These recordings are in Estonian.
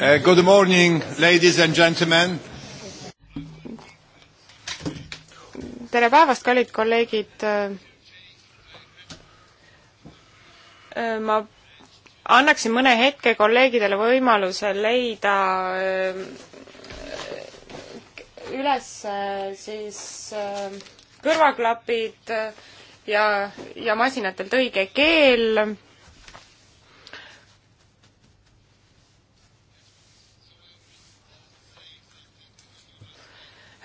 Uh, good morning, ladies and gentlemen. tere päevast, kallid kolleegid. Uh, uh, ma annaksin mõne hetke kolleegidele võimaluse leida üles siis kõrvaklapid ja, ja masinatelt õige keel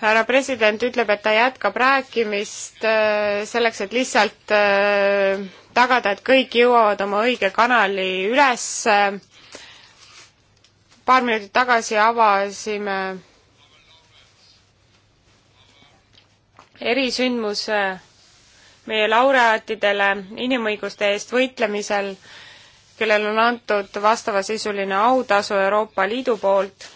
härra president ütleb, et ta jätkab rääkimist äh, selleks, et lihtsalt äh, tagada, et kõik jõuavad oma õige kanali üles. paar minutit tagasi avasime erisündmuse meie laureaatidele inimõiguste eest võitlemisel, kellel on antud vastavasisuline autasu Euroopa Liidu poolt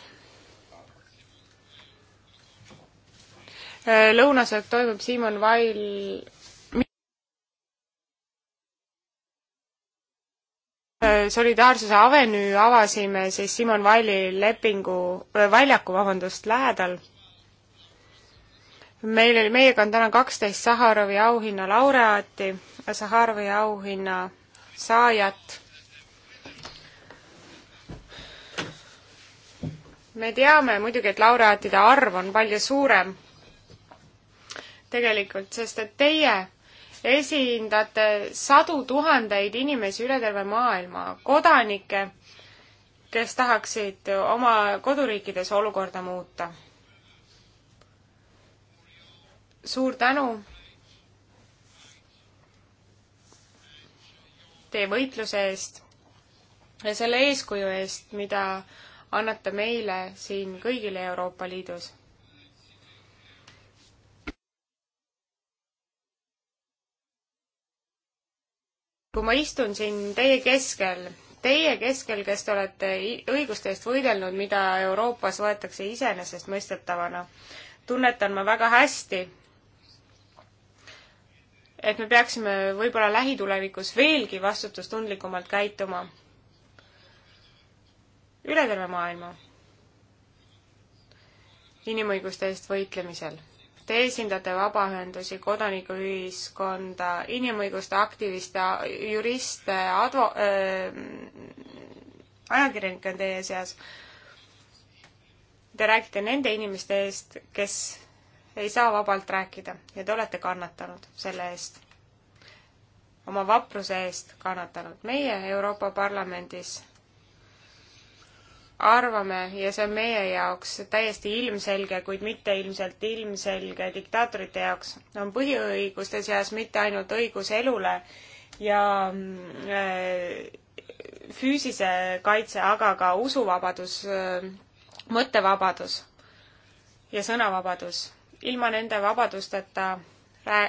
Äh, lõunasöök toimub Siimon Vail äh, solidaarsuse avenüü avasime siis Simon Vaili lepingu, äh, väljaku, vabandust, lähedal. meil oli, meiega on täna kaksteist Saharovi auhinna laureaati, Saharovi auhinna saajat. me teame muidugi, et laureaatide arv on palju suurem tegelikult, sest et teie esindate sadu tuhandeid inimesi üle terve maailma, kodanikke, kes tahaksid oma koduriikides olukorda muuta. suur tänu teie võitluse eest ja selle eeskuju eest, mida annate meile siin kõigile Euroopa Liidus kui ma istun siin teie keskel, teie keskel, kes te olete õiguste eest võidelnud, mida Euroopas võetakse iseenesestmõistetavana, tunnetan ma väga hästi, et me peaksime võib-olla lähitulevikus veelgi vastutustundlikumalt käituma üle terve maailma inimõiguste eest võitlemisel Te esindate vabaühendusi, kodanikuühiskonda, inimõiguste aktiviste, juriste, advo- äh,, ajakirjanikke on teie seas. Te räägite nende inimeste eest, kes ei saa vabalt rääkida ja te olete kannatanud selle eest, oma vapruse eest kannatanud. meie Euroopa Parlamendis arvame ja see on meie jaoks täiesti ilmselge, kuid mitte ilmselt ilmselge diktaatorite jaoks, on põhiõiguste seas mitte ainult õigus elule ja äh, füüsise kaitse, aga ka usuvabadus, äh, mõttevabadus ja sõnavabadus. ilma nende vabadusteta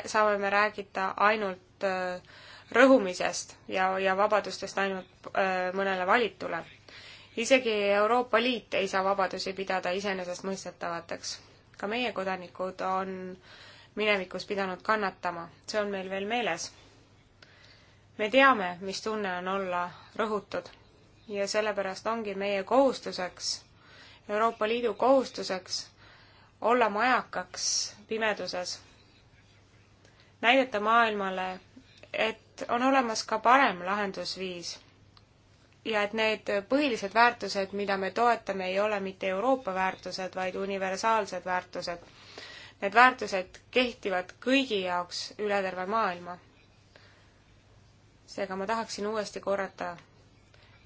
saame me räägida ainult äh, rõhumisest ja, ja vabadustest ainult mõnele valitule isegi Euroopa Liit ei saa vabadusi pidada iseenesestmõistetavateks. ka meie kodanikud on minevikus pidanud kannatama, see on meil veel meeles. me teame, mis tunne on olla rõhutud ja sellepärast ongi meie kohustuseks, Euroopa Liidu kohustuseks, olla majakaks pimeduses, näidata maailmale, et on olemas ka parem lahendusviis ja et need põhilised väärtused, mida me toetame, ei ole mitte Euroopa väärtused, vaid universaalsed väärtused. Need väärtused kehtivad kõigi jaoks üle terve maailma. seega ma tahaksin uuesti korrata,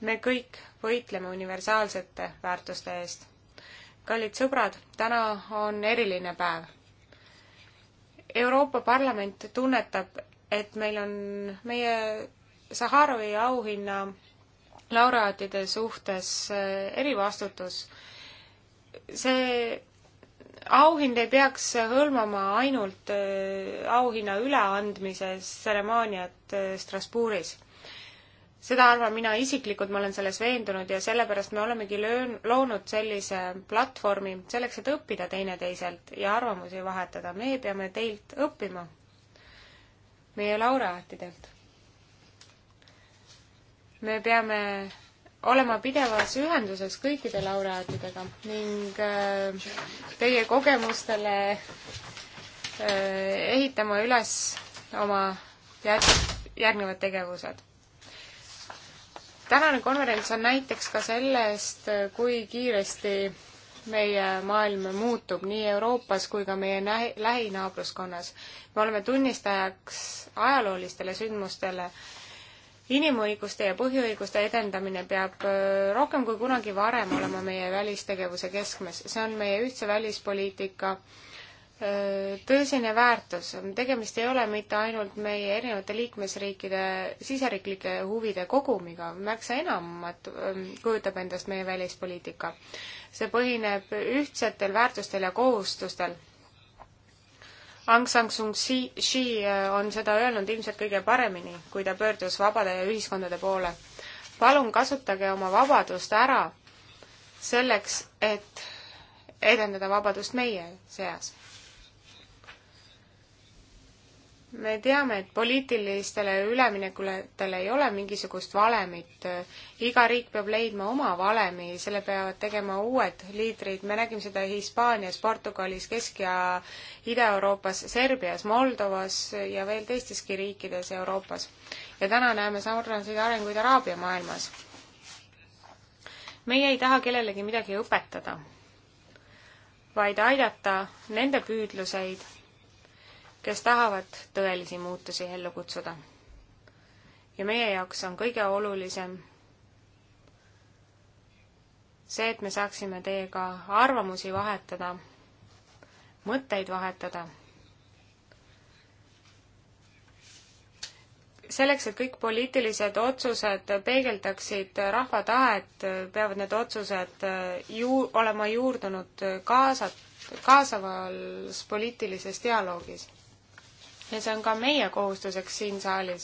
me kõik võitleme universaalsete väärtuste eest. kallid sõbrad, täna on eriline päev. Euroopa Parlament tunnetab, et meil on meie Saharovi auhinna laureaatide suhtes eh, erivastutus. see auhind ei peaks hõlmama ainult eh, auhinna üleandmise tseremooniat eh, Strasbourgis. seda arvan mina isiklikult, ma olen selles veendunud ja sellepärast me olemegi löön-, loonud sellise platvormi selleks, et õppida teineteiselt ja arvamusi vahetada. meie peame teilt õppima, meie laureaatidelt me peame olema pidevas ühenduses kõikide laureaatidega ning äh, teie kogemustele äh, ehitama üles oma järgnevad tegevused. tänane konverents on näiteks ka sellest, kui kiiresti meie maailm muutub nii Euroopas kui ka meie lähinaabruskonnas. me oleme tunnistajaks ajaloolistele sündmustele inimõiguste ja põhiõiguste edendamine peab äh, rohkem kui kunagi varem olema meie välistegevuse keskmes. see on meie ühtse välispoliitika äh, tõsine väärtus. tegemist ei ole mitte ainult meie erinevate liikmesriikide siseriiklike huvide kogumiga, märksa enamat ähm, kujutab endast meie välispoliitika. see põhineb ühtsetel väärtustel ja kohustustel Aung San Suu Kyi äh, on seda öelnud ilmselt kõige paremini, kui ta pöördus vabade ühiskondade poole. palun kasutage oma vabadust ära selleks, et edendada vabadust meie seas me teame, et poliitilistele üleminekutele ei ole mingisugust valemit. iga riik peab leidma oma valemi, selle peavad tegema uued liidrid. me nägime seda Hispaanias, Portugalis, Kesk- ja Ida-Euroopas, Serbias, Moldovas ja veel teisteski riikides Euroopas. ja täna näeme sarnaseid arenguid Araabia maailmas. meie ei taha kellelegi midagi õpetada, vaid aidata nende püüdluseid kes tahavad tõelisi muutusi ellu kutsuda. ja meie jaoks on kõige olulisem see, et me saaksime teiega arvamusi vahetada, mõtteid vahetada. selleks, et kõik poliitilised otsused peegeldaksid rahva tahet, peavad need otsused äh, ju-, olema juurdunud kaasat-, kaasavas poliitilises dialoogis ja see on ka meie kohustuseks siin saalis.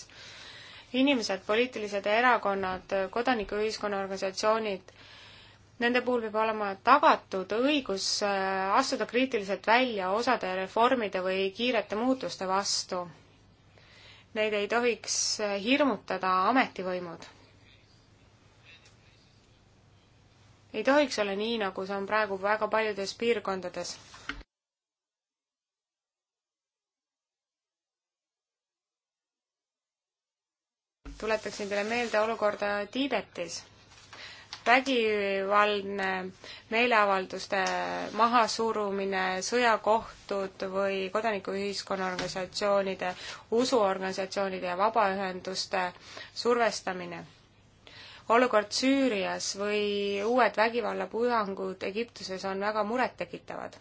inimesed, poliitilised erakonnad, kodanikuühiskonna organisatsioonid, nende puhul peab olema tagatud õigus äh, astuda kriitiliselt välja osade reformide või kiirete muutuste vastu. Neid ei tohiks äh, hirmutada ametivõimud ei tohiks olla nii, nagu see on praegu väga paljudes piirkondades. tuletaksin teile meelde olukorda Tiibetis. vägivaldne meeleavalduste mahasurumine, sõjakohtud või kodanikuühiskonna organisatsioonide, usuorganisatsioonide ja vabaühenduste survestamine. olukord Süürias või uued vägivallapuhangud Egiptuses on väga murettekitavad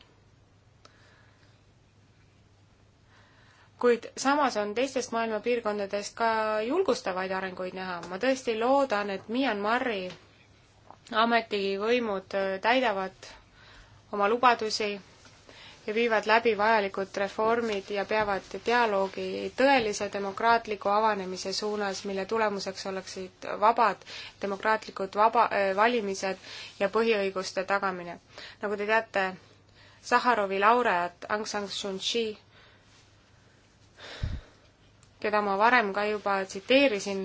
kuid samas on teistest maailma piirkondadest ka julgustavaid arenguid näha. ma tõesti loodan, et Myanmari ametivõimud täidavad oma lubadusi ja viivad läbi vajalikud reformid ja peavad dialoogi tõelise demokraatliku avanemise suunas, mille tulemuseks oleksid vabad demokraatlikud vaba äh,, valimised ja põhiõiguste tagamine. nagu te teate, Saharovi laureaat Aung San Suu Kyi keda ma varem ka juba tsiteerisin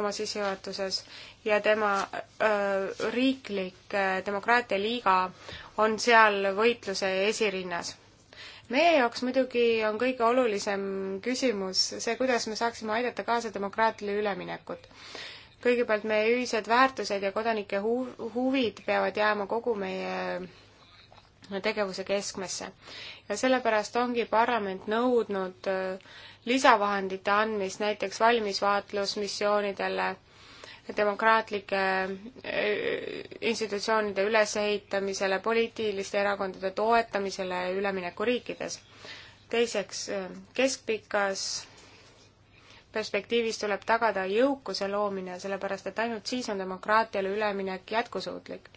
oma sissejuhatuses ja tema öö, äh, riiklik äh, demokraatia liiga on seal võitluse esirinnas. meie jaoks muidugi on kõige olulisem küsimus see, kuidas me saaksime aidata kaasa demokraatiale üleminekut. kõigepealt meie ühised väärtused ja kodanike hu-, huvid peavad jääma kogu meie tegevuse keskmesse. ja sellepärast ongi parlament nõudnud äh, lisavahendite andmist näiteks valmisvaatlusmissioonidele, demokraatlike äh, institutsioonide ülesehitamisele, poliitiliste erakondade toetamisele üleminekuriikides. teiseks, äh, keskpikas perspektiivis tuleb tagada jõukuse loomine, sellepärast et ainult siis on demokraatiale üleminek jätkusuutlik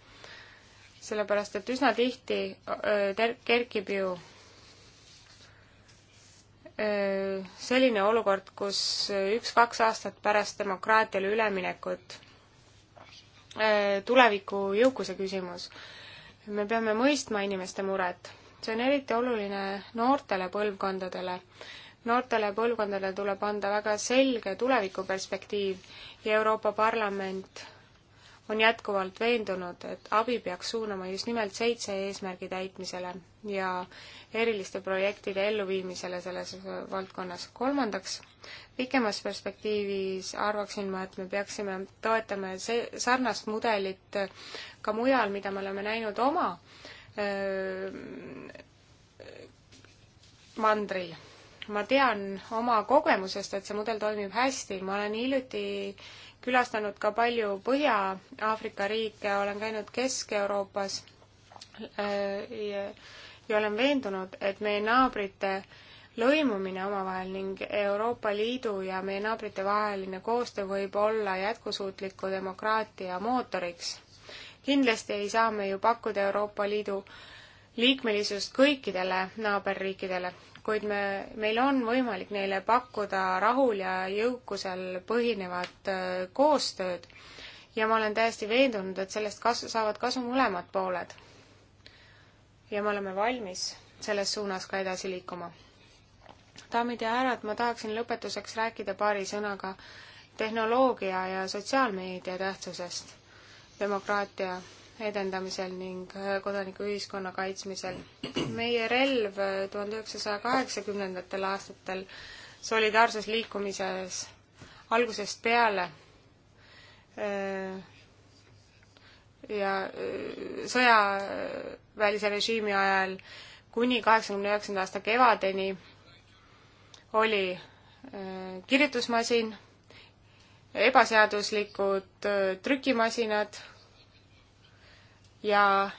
sellepärast et üsna tihti ter-, kerkib ju selline olukord, kus üks-kaks aastat pärast demokraatiale üleminekut tuleviku jõukuse küsimus. me peame mõistma inimeste muret. see on eriti oluline noortele põlvkondadele. noortele põlvkondadele tuleb anda väga selge tulevikuperspektiiv ja Euroopa Parlament on jätkuvalt veendunud, et abi peaks suunama just nimelt seitse eesmärgi täitmisele ja eriliste projektide elluviimisele selles valdkonnas. kolmandaks, pikemas perspektiivis arvaksin ma, et me peaksime toetama see, sarnast mudelit ka mujal, mida me oleme näinud oma öö, mandril. ma tean oma kogemusest, et see mudel toimib hästi, ma olen hiljuti külastanud ka palju Põhja-Aafrika riike, olen käinud Kesk-Euroopas äh, ja, ja olen veendunud, et meie naabrite lõimumine omavahel ning Euroopa Liidu ja meie naabrite vaheline koostöö võib olla jätkusuutliku demokraatia mootoriks. kindlasti ei saa me ju pakkuda Euroopa Liidu liikmelisust kõikidele naaberriikidele, kuid me, meil on võimalik neile pakkuda rahul ja jõukusel põhinevat äh, koostööd ja ma olen täiesti veendunud, et sellest kasu, saavad kasu mõlemad pooled. ja me oleme valmis selles suunas ka edasi liikuma. daamid ja härrad, ma tahaksin lõpetuseks rääkida paari sõnaga tehnoloogia ja sotsiaalmeedia tähtsusest demokraatia edendamisel ning äh, kodanikuühiskonna kaitsmisel. meie relv äh, tuhande üheksasaja kaheksakümnendatel aastatel solidaarsusliikumises algusest peale äh, ja sõjaväelise režiimi ajal kuni kaheksakümne üheksanda aasta kevadeni oli kirjutusmasin, ebaseaduslikud trükimasinad, ja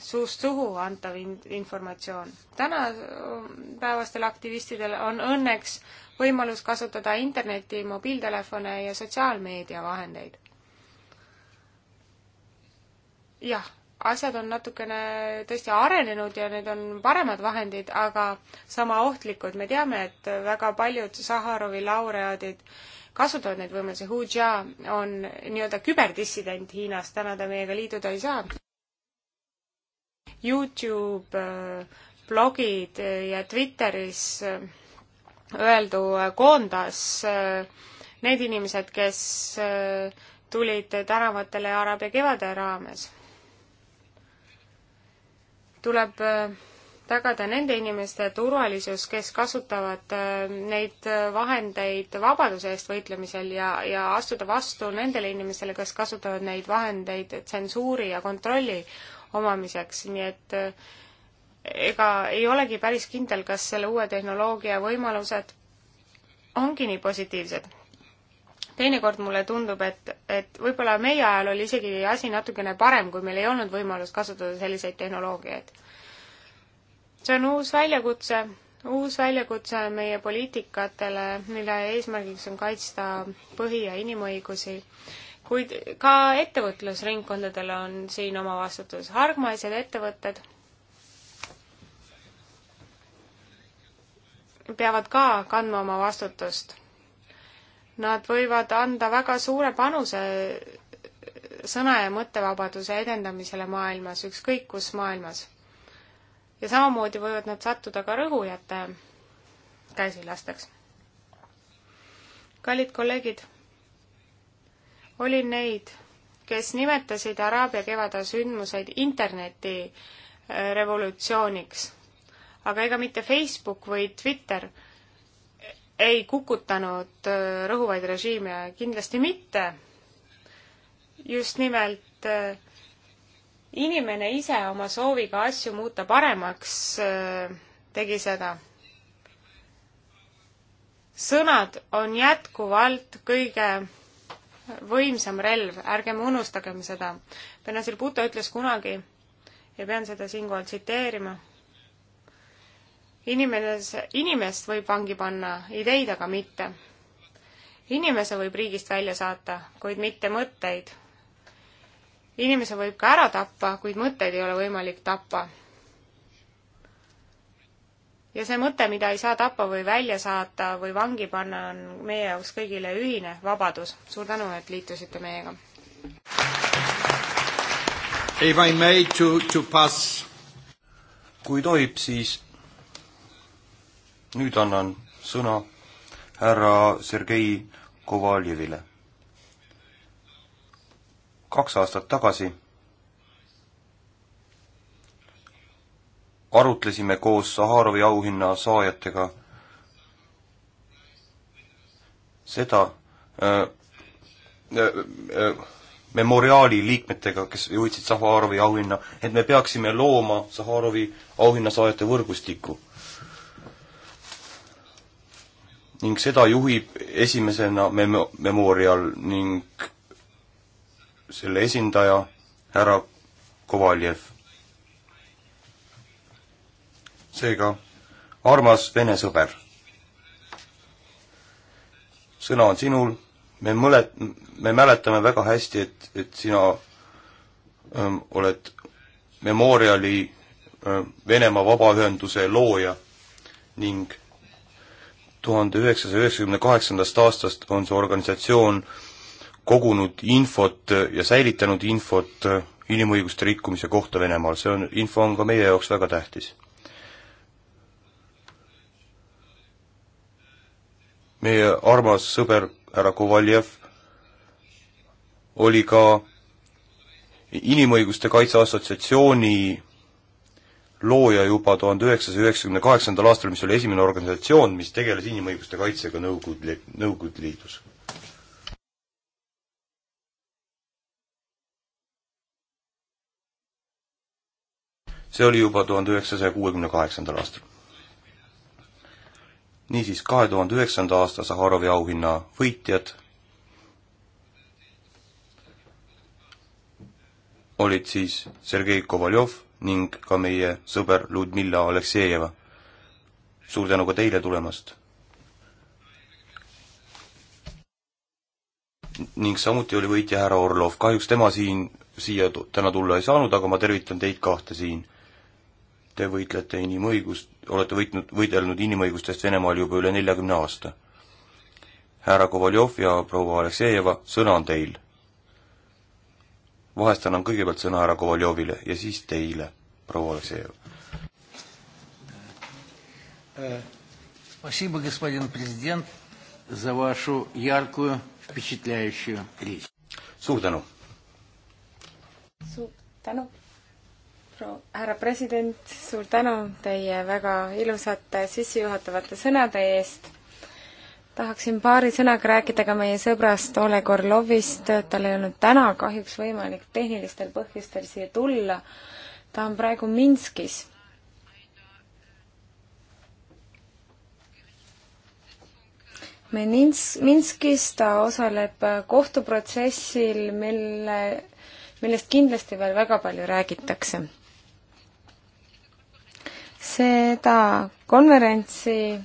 suust suhu antav in-, informatsioon. tänapäevastel aktivistidel on õnneks võimalus kasutada Internetti, mobiiltelefone ja sotsiaalmeedia vahendeid. jah, asjad on natukene tõesti arenenud ja need on paremad vahendid, aga sama ohtlikud. me teame, et väga paljud Saharovi laureaadid äh, kasutavad neid võimalusi. Hu Jia on nii-öelda küberdissident Hiinas, täna ta meiega liituda ei saa. Youtube, äh, blogid äh, ja Twitteris äh, öeldu koondas need inimesed, kes tulid tänavatele Araabia kevade raames. tuleb tagada nende inimeste turvalisus, kes kasutavad äh, neid äh, vahendeid vabaduse eest võitlemisel ja, ja astuda vastu nendele inimestele, kes kasutavad neid vahendeid tsensuuri ja kontrolli omamiseks, nii et äh, ega ei olegi päris kindel, kas selle uue tehnoloogia võimalused ongi nii positiivsed. teinekord mulle tundub, et, et võib-olla meie ajal oli isegi asi natukene parem, kui meil ei olnud võimalust kasutada selliseid tehnoloogiaid see on uus väljakutse, uus väljakutse meie poliitikatele, mille eesmärgiks on kaitsta põhi- ja inimõigusi, kuid ka ettevõtlusringkondadel on siin oma vastutus, hargmaised ettevõtted peavad ka kandma oma vastutust. Nad võivad anda väga suure panuse sõna- ja mõttevabaduse edendamisele maailmas, ükskõik kus maailmas ja samamoodi võivad nad sattuda ka rõhujate käsilasteks. kallid kolleegid, oli neid, kes nimetasid Araabia kevade sündmuseid interneti äh, revolutsiooniks, aga ega mitte Facebook või Twitter ei kukutanud äh, rõhuvaid režiime, kindlasti mitte. just nimelt äh, inimene ise oma sooviga asju muuta paremaks äh, tegi seda. sõnad on jätkuvalt kõige võimsam relv, ärgem unustagem seda. Benazir Bhutto ütles kunagi ja pean seda siinkohal tsiteerima. inimenes, inimest võib vangi panna, ideid aga mitte. inimese võib riigist välja saata, kuid mitte mõtteid inimese võib ka ära tappa, kuid mõtteid ei ole võimalik tappa. ja see mõte, mida ei saa tappa või välja saata või vangi panna, on meie jaoks kõigile ühine vabadus. suur tänu, et liitusite meiega. If I may to, to pass. kui tohib, siis nüüd annan sõna härra Sergei Kovaljevile kaks aastat tagasi arutlesime koos Saharovi auhinna saajatega seda öö, öö, öö, memoriaali liikmetega, kes juhitsid Saharovi auhinna, et me peaksime looma Saharovi auhinnasaajate võrgustiku. ning seda juhib esimesena mem-, Memorial ning selle esindaja härra Kovaljev. seega, armas vene sõber, sõna on sinul, me mõle-, me mäletame väga hästi, et, et sina öö, ähm, oled Memoriali öö, ähm, Venemaa Vabaühenduse looja ning tuhande üheksasaja üheksakümne kaheksandast aastast on see organisatsioon öö, kogunud infot ja säilitanud infot inimõiguste rikkumise kohta Venemaal, see on, info on ka meie jaoks väga tähtis. meie armas sõber härra Kovaljev oli ka inimõiguste kaitse assotsiatsiooni looja juba tuhande üheksasaja üheksakümne kaheksandal aastal, mis oli esimene organisatsioon, mis tegeles inimõiguste kaitsega Nõukogude, Nõukogude Liidus see oli juba tuhande üheksasaja kuuekümne kaheksandal aastal. niisiis, kahe tuhande üheksanda aasta Saharovi auhinna võitjad olid siis Sergei Kovaljov ning ka meie sõber Ludmilla Aleksejeva. suur tänu ka teile tulemast! ning samuti oli võitja härra Orlov, kahjuks tema siin, siia täna tulla ei saanud, aga ma tervitan teid kahte siin Te võitlete inimõigust, olete võitnud, võidelnud inimõigustest Venemaal juba üle neljakümne aasta. härra Kovaljov ja proua Aleksejeva, sõna on teil. vahest annan kõigepealt sõna härra Kovaljovile ja siis teile, proua Aleksejev. Э, спасибо, господин президент, за вашу яркую, впечатляющую речь. Suur tänu! Suur tänu! härra president, suur tänu teie väga ilusate sissejuhatavate sõnade eest. tahaksin paari sõnaga rääkida ka meie sõbrast Oleg Orlovist, tal ei olnud täna kahjuks võimalik tehnilistel põhjustel siia tulla. ta on praegu Minskis. me Mins-, Minskis ta osaleb kohtuprotsessil, mille, millest kindlasti veel väga palju räägitakse seda konverentsi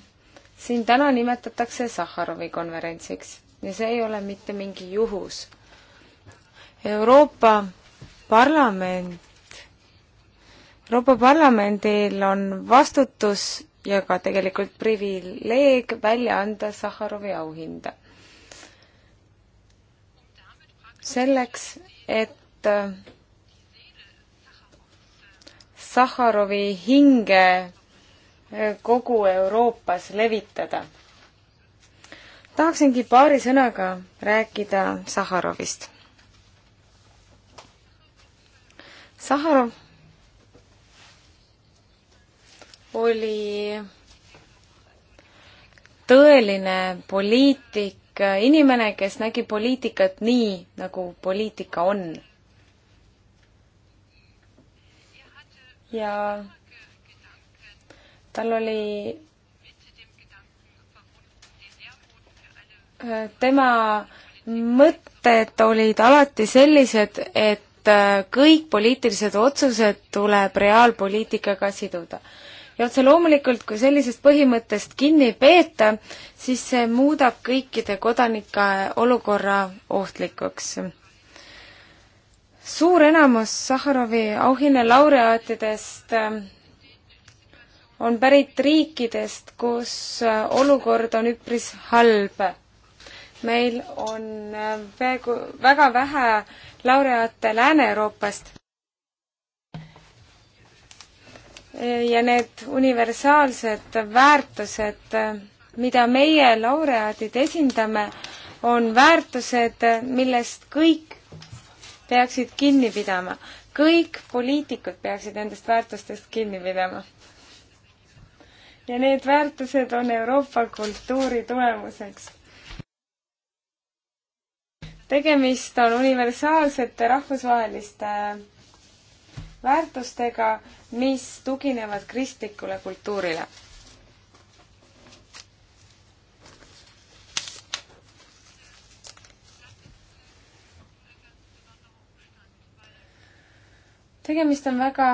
siin täna nimetatakse Sahharovi konverentsiks ja see ei ole mitte mingi juhus. Euroopa Parlament, Euroopa Parlamendil on vastutus ja ka tegelikult privileeg välja anda Sahharovi auhinda. selleks, et Sahharovi hinge eh, kogu Euroopas levitada. tahaksingi paari sõnaga rääkida Sahharovist. Sahharov oli tõeline poliitik, inimene, kes nägi poliitikat nii, nagu poliitika on ja tal oli äh, tema mõtted olid alati sellised, et äh, kõik poliitilised otsused tuleb reaalpoliitikaga siduda. ja otse loomulikult, kui sellisest põhimõttest kinni ei peeta, siis see muudab kõikide kodanike olukorra ohtlikuks suur enamus Sahharovi auhinna laureaatidest ähm, on pärit riikidest, kus äh, olukord on üpris halb. meil on peaaegu äh, väga vähe laureaate Lääne-Euroopast. ja need universaalsed väärtused, äh, mida meie laureaadid esindame, on väärtused, millest kõik peaksid kinni pidama. kõik poliitikud peaksid nendest väärtustest kinni pidama. ja need väärtused on Euroopa kultuuri tulemuseks. tegemist on universaalsete rahvusvaheliste väärtustega, mis tuginevad kristlikule kultuurile tegemist on väga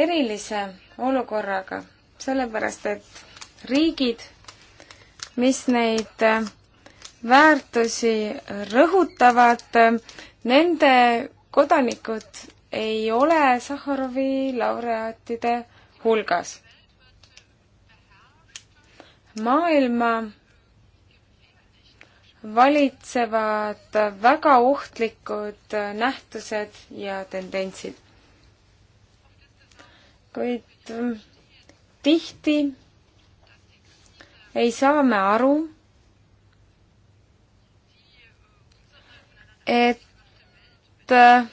erilise olukorraga, sellepärast et riigid, mis neid äh, väärtusi rõhutavad, äh, nende kodanikud ei ole Sahharovi laureaatide hulgas. maailma valitsevad väga ohtlikud äh, nähtused ja tendentsid kuid ähm, tihti ei saa me aru, et äh,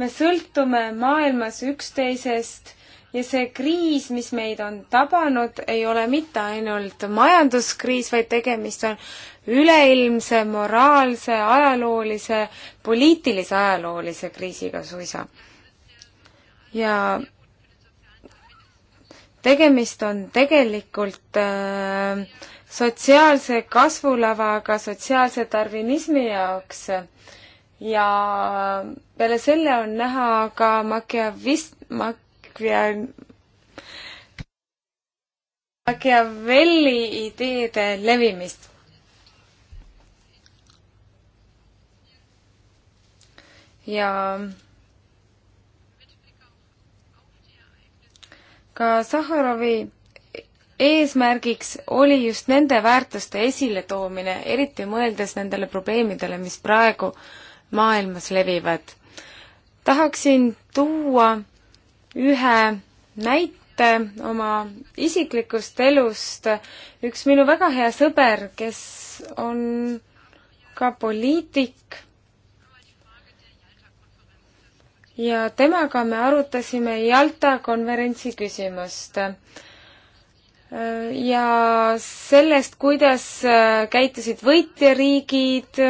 me sõltume maailmas üksteisest ja see kriis, mis meid on tabanud, ei ole mitte ainult majanduskriis, vaid tegemist on üleilmse moraalse, ajaloolise, poliitilise ajaloolise kriisiga suisa ja tegemist on tegelikult äh, sotsiaalse kasvulavaga sotsiaalse tarvinismi jaoks ja peale selle on näha ka makiavist-, makia-, Machiavelli ideede levimist. ja ka Sahharovi eesmärgiks oli just nende väärtuste esiletoomine, eriti mõeldes nendele probleemidele, mis praegu maailmas levivad. tahaksin tuua ühe näite oma isiklikust elust. üks minu väga hea sõber, kes on ka poliitik ja temaga me arutasime Jalta konverentsi küsimust äh, ja sellest, kuidas äh, käitusid võitjariigid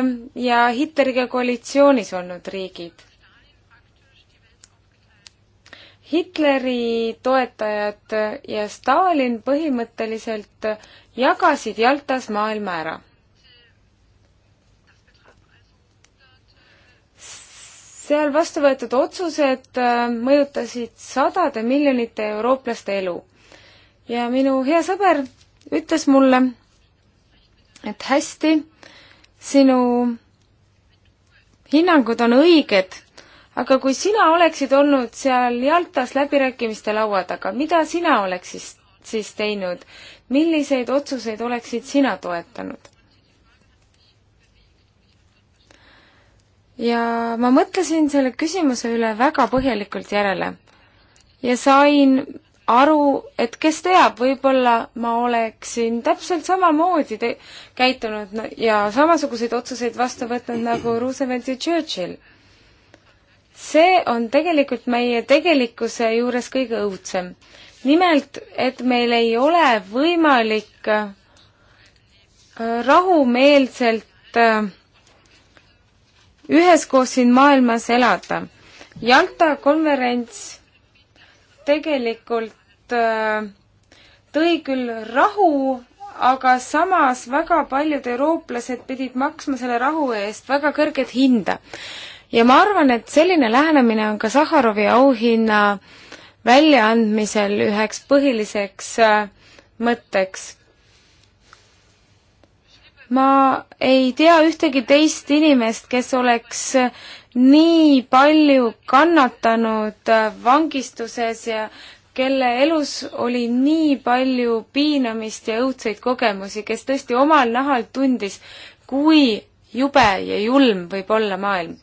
ja Hitleriga koalitsioonis olnud riigid. Hitleri toetajad ja Stalin põhimõtteliselt jagasid Jaltas maailma ära seal vastu võetud otsused äh, mõjutasid sadade miljonite eurooplaste elu. ja minu hea sõber ütles mulle, et hästi, sinu hinnangud on õiged, aga kui sina oleksid olnud seal Jaltas läbirääkimiste laua taga, mida sina oleks siis, siis teinud? milliseid otsuseid oleksid sina toetanud? ja ma mõtlesin selle küsimuse üle väga põhjalikult järele ja sain aru, et kes teab, võib-olla ma oleksin täpselt samamoodi käitunud ja samasuguseid otsuseid vastu võtnud nagu Roosevelt ja Churchill. see on tegelikult meie tegelikkuse juures kõige õudsem. nimelt, et meil ei ole võimalik äh, rahumeelselt äh, üheskoos siin maailmas elada. Jalta konverents tegelikult äh, tõi küll rahu, aga samas väga paljud eurooplased pidid maksma selle rahu eest väga kõrget hinda. ja ma arvan, et selline lähenemine on ka Sahharovi auhinna väljaandmisel üheks põhiliseks äh, mõtteks ma ei tea ühtegi teist inimest, kes oleks nii palju kannatanud äh, vangistuses ja kelle elus oli nii palju piinamist ja õudseid kogemusi, kes tõesti omal nahal tundis, kui jube ja julm võib olla maailm.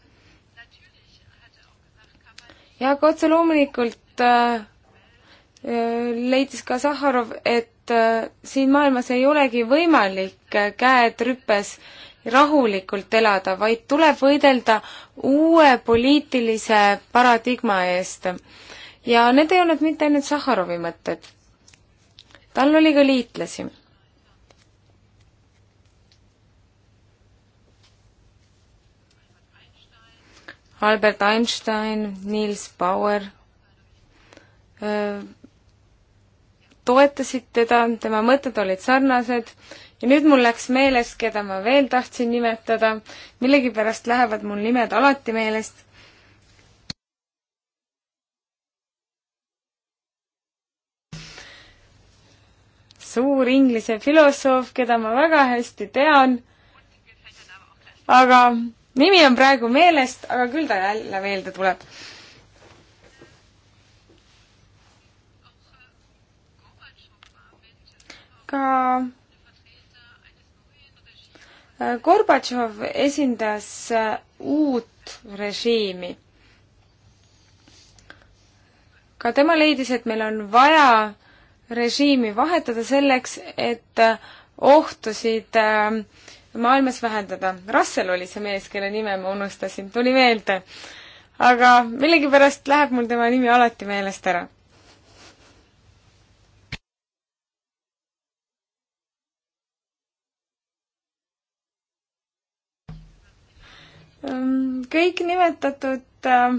ja ka otse loomulikult äh, äh, leidis ka Sahharov, et et äh, siin maailmas ei olegi võimalik äh, käed rüpes rahulikult elada, vaid tuleb võidelda uue poliitilise paradigma eest. ja need ei olnud mitte ainult Sahharovi mõtted. tal oli ka liitlasi Albert Einstein, Niels Bauer, äh, toetasid teda, tema mõtted olid sarnased ja nüüd mul läks meelest, keda ma veel tahtsin nimetada, millegipärast lähevad mul nimed alati meelest. suur inglise filosoof, keda ma väga hästi tean, aga nimi on praegu meelest, aga küll ta jälle meelde tuleb ka äh, Gorbatšov esindas äh, uut režiimi. ka tema leidis, et meil on vaja režiimi vahetada selleks, et äh, ohtusid maailmas vähendada. Russell oli see mees, kelle nime ma unustasin, tuli meelde. aga millegipärast läheb mul tema nimi alati meelest ära Ehm, kõik nimetatud äh,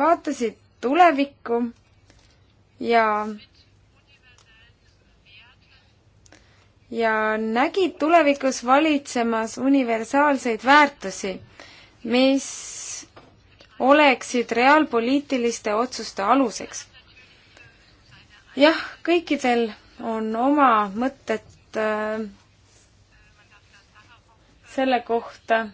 vaatasid tulevikku ja ja nägid tulevikus valitsemas universaalseid väärtusi, mis oleksid reaalpoliitiliste otsuste aluseks. jah, kõikidel on oma mõtted infot äh, selle kohta.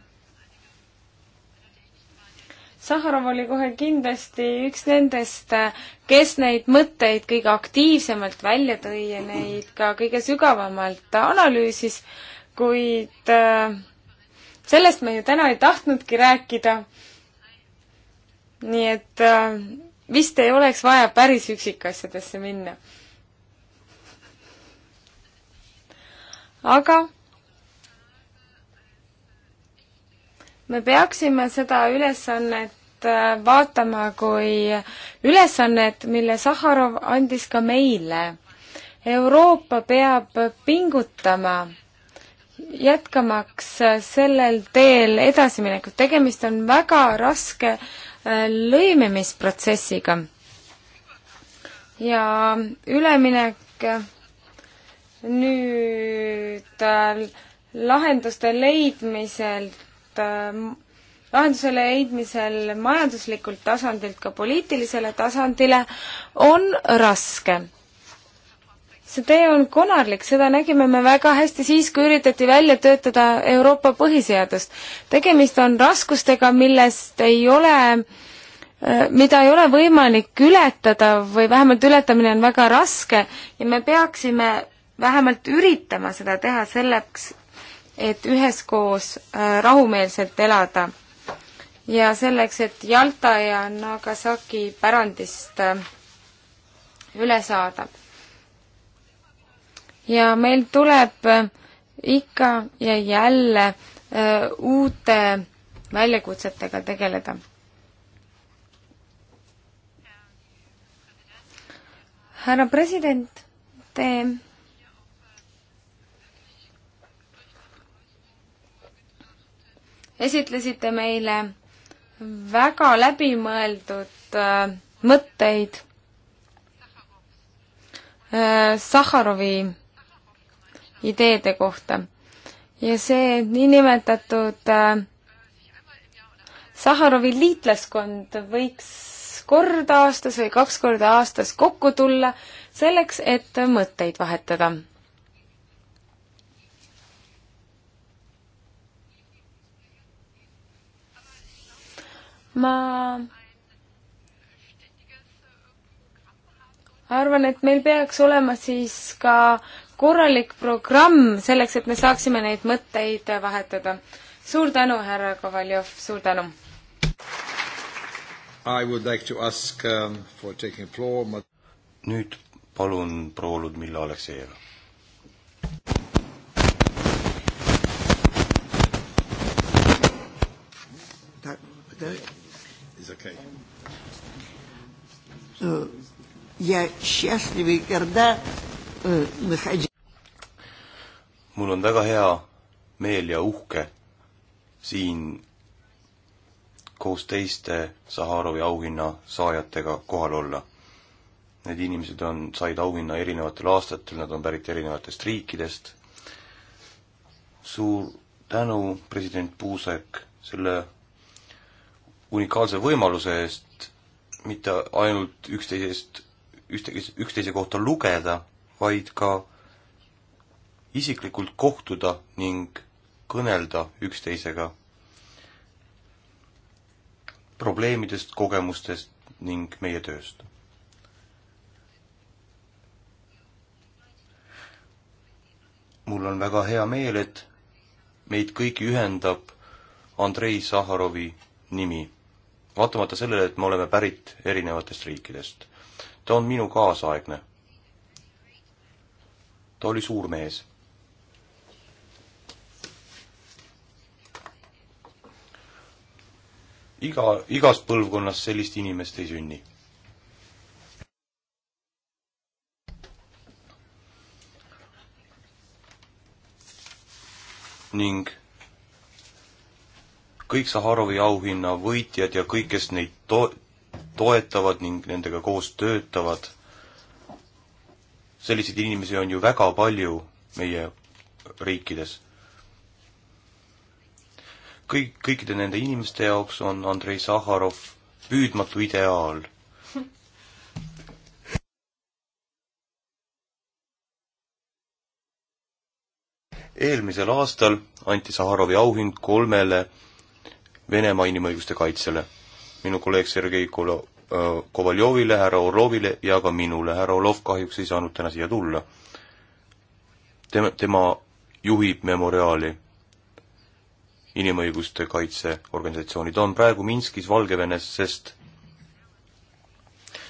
Saharov oli kohe kindlasti üks nendest, äh, kes neid mõtteid kõige aktiivsemalt välja tõi ja neid ka kõige sügavamalt analüüsis, kuid äh, sellest me ju täna ei tahtnudki rääkida. nii et vist ei oleks vaja päris üksikasjadesse minna aga me peaksime seda ülesannet äh, vaatama kui ülesannet, mille Sahharov andis ka meile. Euroopa peab pingutama, jätkamaks sellel teel edasiminekut, tegemist on väga raske äh, lõimimisprotsessiga. ja üleminek nüüd äh, lahenduste leidmiselt, äh, lahenduse leidmisel majanduslikult tasandilt ka poliitilisele tasandile on raske see tee on konarlik, seda nägime me väga hästi siis, kui üritati välja töötada Euroopa põhiseadust. tegemist on raskustega, millest ei ole, äh, mida ei ole võimalik ületada või vähemalt ületamine on väga raske ja me peaksime vähemalt üritama seda teha selleks, et üheskoos äh, rahumeelselt elada. ja selleks, et Jalta ja Nagasaki pärandist äh, üle saada. ja meil tuleb äh, ikka ja jälle uute väljakutsetega tegeleda. härra president, te esitlesite meile väga läbimõeldud äh, mõtteid äh, Sahharovi ideede kohta ja see niinimetatud äh, Sahharovi liitlaskond võiks kord aastas või kaks korda aastas kokku tulla selleks, et mõtteid vahetada ma arvan, et meil peaks olema siis ka korralik programm selleks, et me saaksime neid mõtteid vahetada. suur tänu, härra Kovaljov, suur tänu! I would like to ask um, for taking floor ma... nüüd palun proua Ludmilla Aleksejeva. tak, tak is okay. Я счастливый, когда находи... Mul on väga hea meel ja uhke siin koos teiste Saharovi auhinna saajatega kohal olla. Need inimesed on, said auhinna erinevatel aastatel, nad on pärit erinevatest riikidest. suur tänu, president Puusek, selle unikaalse võimaluse eest mitte ainult üksteisest, üksteise, üksteise kohta lugeda, vaid ka isiklikult kohtuda ning kõnelda üksteisega probleemidest, kogemustest ning meie tööst. mul on väga hea meel, et meid kõiki ühendab Andrei Saharovi nimi vaatamata sellele, et me oleme pärit erinevatest riikidest. ta on minu kaasaegne. ta oli suur mees. iga, igas põlvkonnas sellist inimest ei sünni. ning kõik Saharovi auhinna võitjad ja kõik, kes neid to-, toetavad ning nendega koos töötavad, selliseid inimesi on ju väga palju meie riikides. kõik, kõikide nende inimeste jaoks on Andrei Saharov püüdmatu ideaal eelmisel aastal anti Saharovi auhind kolmele Venemaa inimõiguste kaitsele. minu kolleeg Sergei Kolo-, äh, Kovaljovile, härra Orlovile ja ka minule. härra Orlov kahjuks ei saanud täna siia tulla. tema, tema juhib memoriaali. inimõiguste kaitseorganisatsioonid on praegu Minskis, Valgevenes, sest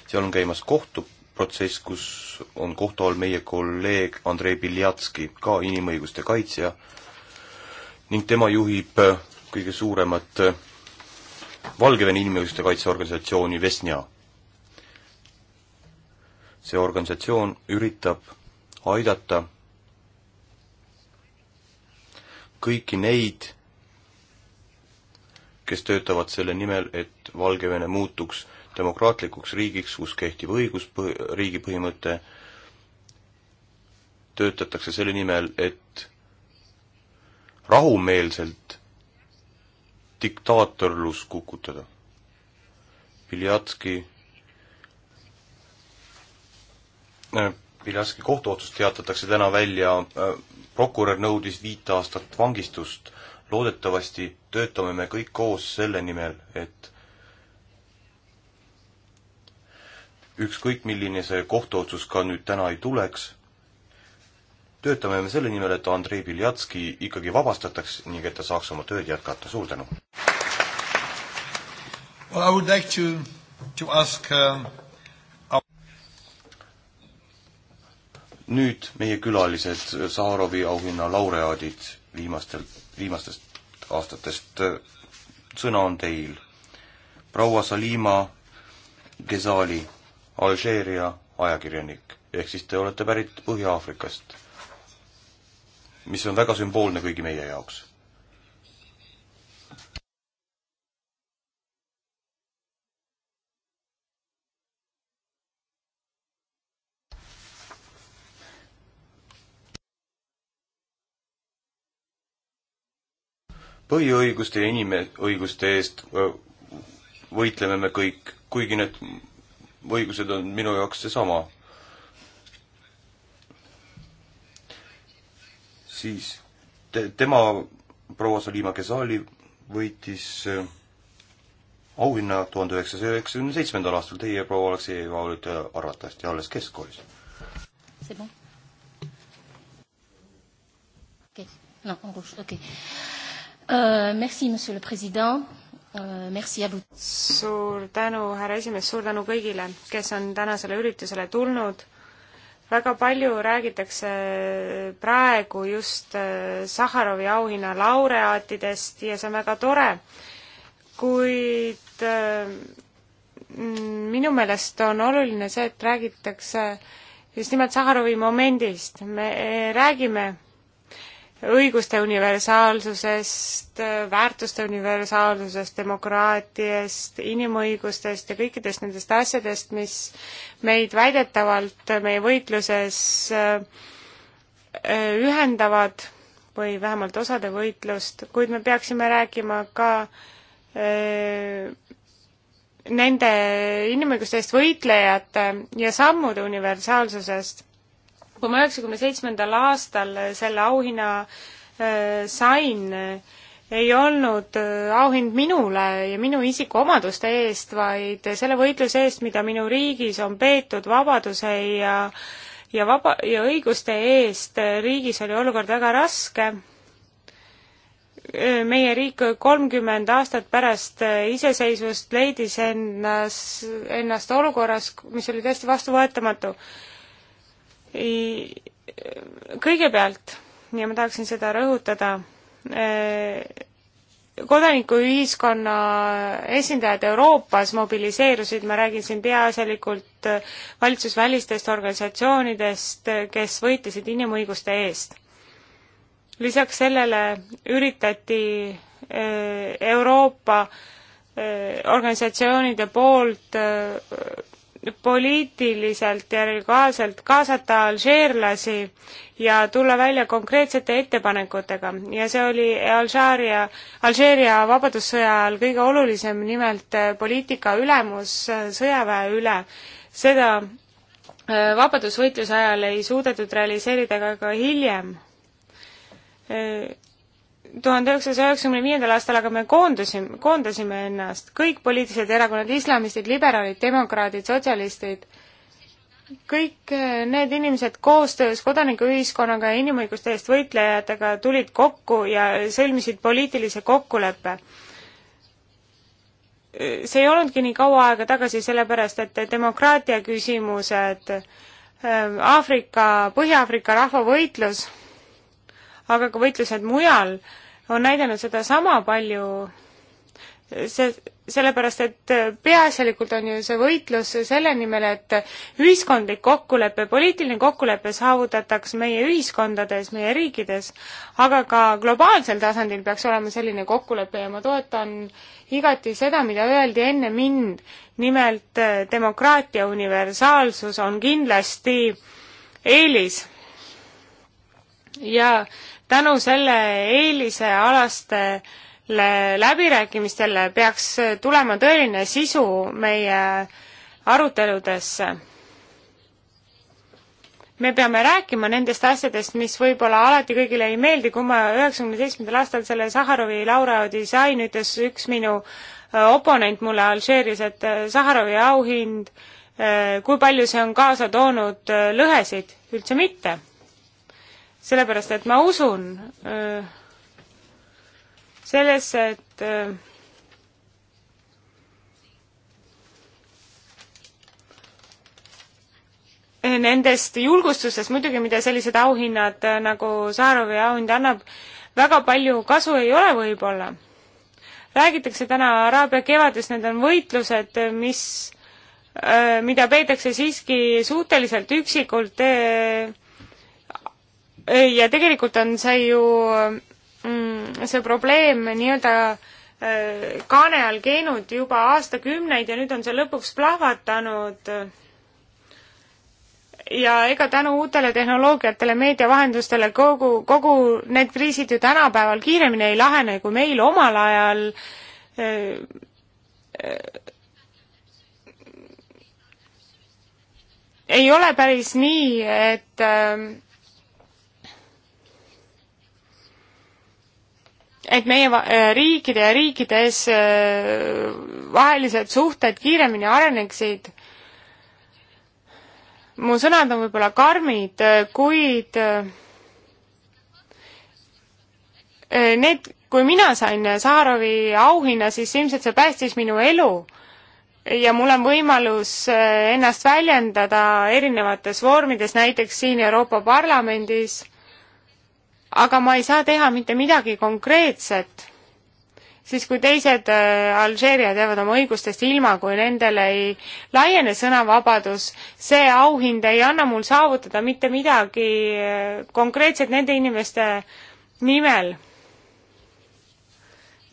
seal on käimas kohtuprotsess, kus on kohtu all meie kolleeg Andrei Biljatski, ka inimõiguste kaitsja, ning tema juhib kõige suuremat äh, Valgevene inimõiguste kaitseorganisatsiooni Vesnja. see organisatsioon üritab aidata kõiki neid, kes töötavad selle nimel, et Valgevene muutuks demokraatlikuks riigiks, kus kehtib õigus, riigi põhimõte, töötatakse selle nimel, et rahumeelselt diktaatorlus kukutada. Biljatski Viljaski äh, kohtuotsus teatatakse täna välja, äh, prokurör nõudis viit aastat vangistust. loodetavasti töötame me kõik koos selle nimel, et ükskõik, milline see kohtuotsus ka nüüd täna ei tuleks, töötame me selle nimel, et Andrei Biljatski ikkagi vabastataks ning et ta saaks oma tööd jätkata, suur tänu! Well, I would like to, to ask um, uh... nüüd meie külalised, Saharovi auhinna laureaadid viimastel, viimastest aastatest, sõna on teil. proua Salima Gezali, Alžeeria ajakirjanik, ehk siis te olete pärit Põhja-Aafrikast mis on väga sümboolne kõigi meie jaoks. põhiõiguste ja inimõiguste eest võitleme me kõik, kuigi need õigused on minu jaoks seesama siis te, tema, proua Salima Kesali võitis äh, auhinna tuhande üheksasaja üheksakümne seitsmendal aastal, teie, proua Aleksejeva, olite äh, arvatavasti alles keskkoolis. see on. okei, noh, on kus, okei okay.. Uh, merci, monsieur le president uh,. Merci à vous. suur tänu, härra esimees, suur tänu kõigile, kes on tänasele üritusele tulnud väga palju räägitakse praegu just äh, Saharovi auhinna laureaatidest ja see on väga tore, kuid äh, minu meelest on oluline see, et räägitakse just nimelt Saharovi momendist, me äh, räägime õiguste universaalsusest, väärtuste universaalsusest, demokraatiast, inimõigustest ja kõikidest nendest asjadest, mis meid väidetavalt meie võitluses äh, ühendavad või vähemalt osade võitlust, kuid me peaksime rääkima ka öö, äh, nende inimõiguste eest võitlejate ja sammude universaalsusest kui ma üheksakümne seitsmendal aastal selle auhinna äh, sain, ei olnud äh, auhind minule ja minu isikuomaduste eest, vaid selle võitluse eest, mida minu riigis on peetud vabaduse ja ja vaba- ja õiguste eest, riigis oli olukord väga raske, meie riik kolmkümmend aastat pärast iseseisvust leidis ennas, ennast olukorras, mis oli täiesti vastuvõetamatu kõigepealt, ja ma tahaksin seda rõhutada, eh, kodanikuühiskonna esindajad Euroopas mobiliseerusid, ma räägin siin peaasjalikult eh, valitsusvälistest organisatsioonidest, eh, kes võitlesid inimõiguste eest. lisaks sellele üritati Euroopa organisatsioonide poolt poliitiliselt ja regaalselt kaasata alžeerlasi ja tulla välja konkreetsete ettepanekutega ja see oli Alžaaria, Alžeeria vabadussõja ajal kõige olulisem, nimelt äh, poliitika ülemus äh, sõjaväe üle. seda äh, vabadusvõitluse ajal ei suudetud realiseerida ka, ka hiljem tuhande üheksasaja üheksakümne viiendal aastal aga me koondusime, koondasime ennast, kõik poliitilised erakonnad, islamistid, liberaalid, demokraadid, sotsialistid, kõik eh, need inimesed koostöös kodanikuühiskonnaga ja inimõiguste eest võitlejatega tulid kokku ja sõlmisid poliitilise kokkuleppe. see ei olnudki nii kaua aega tagasi, sellepärast et demokraatia küsimused, eh, Aafrika, Põhja-Aafrika rahvavõitlus, aga ka võitlused mujal äh, on näidanud seda sama palju, see, sellepärast et peaasjalikult on ju see võitlus selle nimel, et ühiskondlik kokkulepe, poliitiline kokkulepe saavutataks meie ühiskondades, meie riikides, aga ka globaalsel tasandil peaks olema selline kokkulepe ja ma toetan igati seda, mida öeldi enne mind, nimelt demokraatia universaalsus on kindlasti eelis ja tänu selle eelise alastele läbirääkimistele peaks tulema tõeline sisu meie aruteludesse. me peame rääkima nendest asjadest, mis võib-olla alati kõigile ei meeldi, kui ma üheksakümne seitsmendal aastal selle Saharovi laureaadi sain, ütles üks minu äh, oponent mulle Alžeeris, et äh, Saharovi auhind, äh, kui palju see on kaasa toonud lõhesid, üldse mitte sellepärast, et ma usun öö, sellesse, et öö, nendest julgustustest muidugi, mida sellised auhinnad nagu Saarovi auhind annab, väga palju kasu ei ole võib-olla. räägitakse täna Araabia kevadest, need on võitlused, mis, mida peetakse siiski suhteliselt üksikult eh, ja tegelikult on see ju mm, see probleem nii-öelda äh, kaane all keenud juba aastakümneid ja nüüd on see lõpuks plahvatanud. ja ega tänu uutele tehnoloogiatele, meediavahendustele kogu, kogu need kriisid ju tänapäeval kiiremini ei lahene kui meil omal ajal äh, äh, ei ole päris nii, et et meie äh, riikide ja riikides äh, vahelised suhted kiiremini areneksid. mu sõnad on võib-olla karmid, äh, kuid need, kui mina sain Saharovi auhinna, siis ilmselt see päästis minu elu ja mul on võimalus ennast väljendada erinevates vormides, näiteks siin Euroopa Parlamendis aga ma ei saa teha mitte midagi konkreetset, siis kui teised äh, Alžeeriad jäävad oma õigustest ilma, kui nendele ei laiene sõnavabadus, see auhind ei anna mul saavutada mitte midagi äh, konkreetset nende inimeste nimel.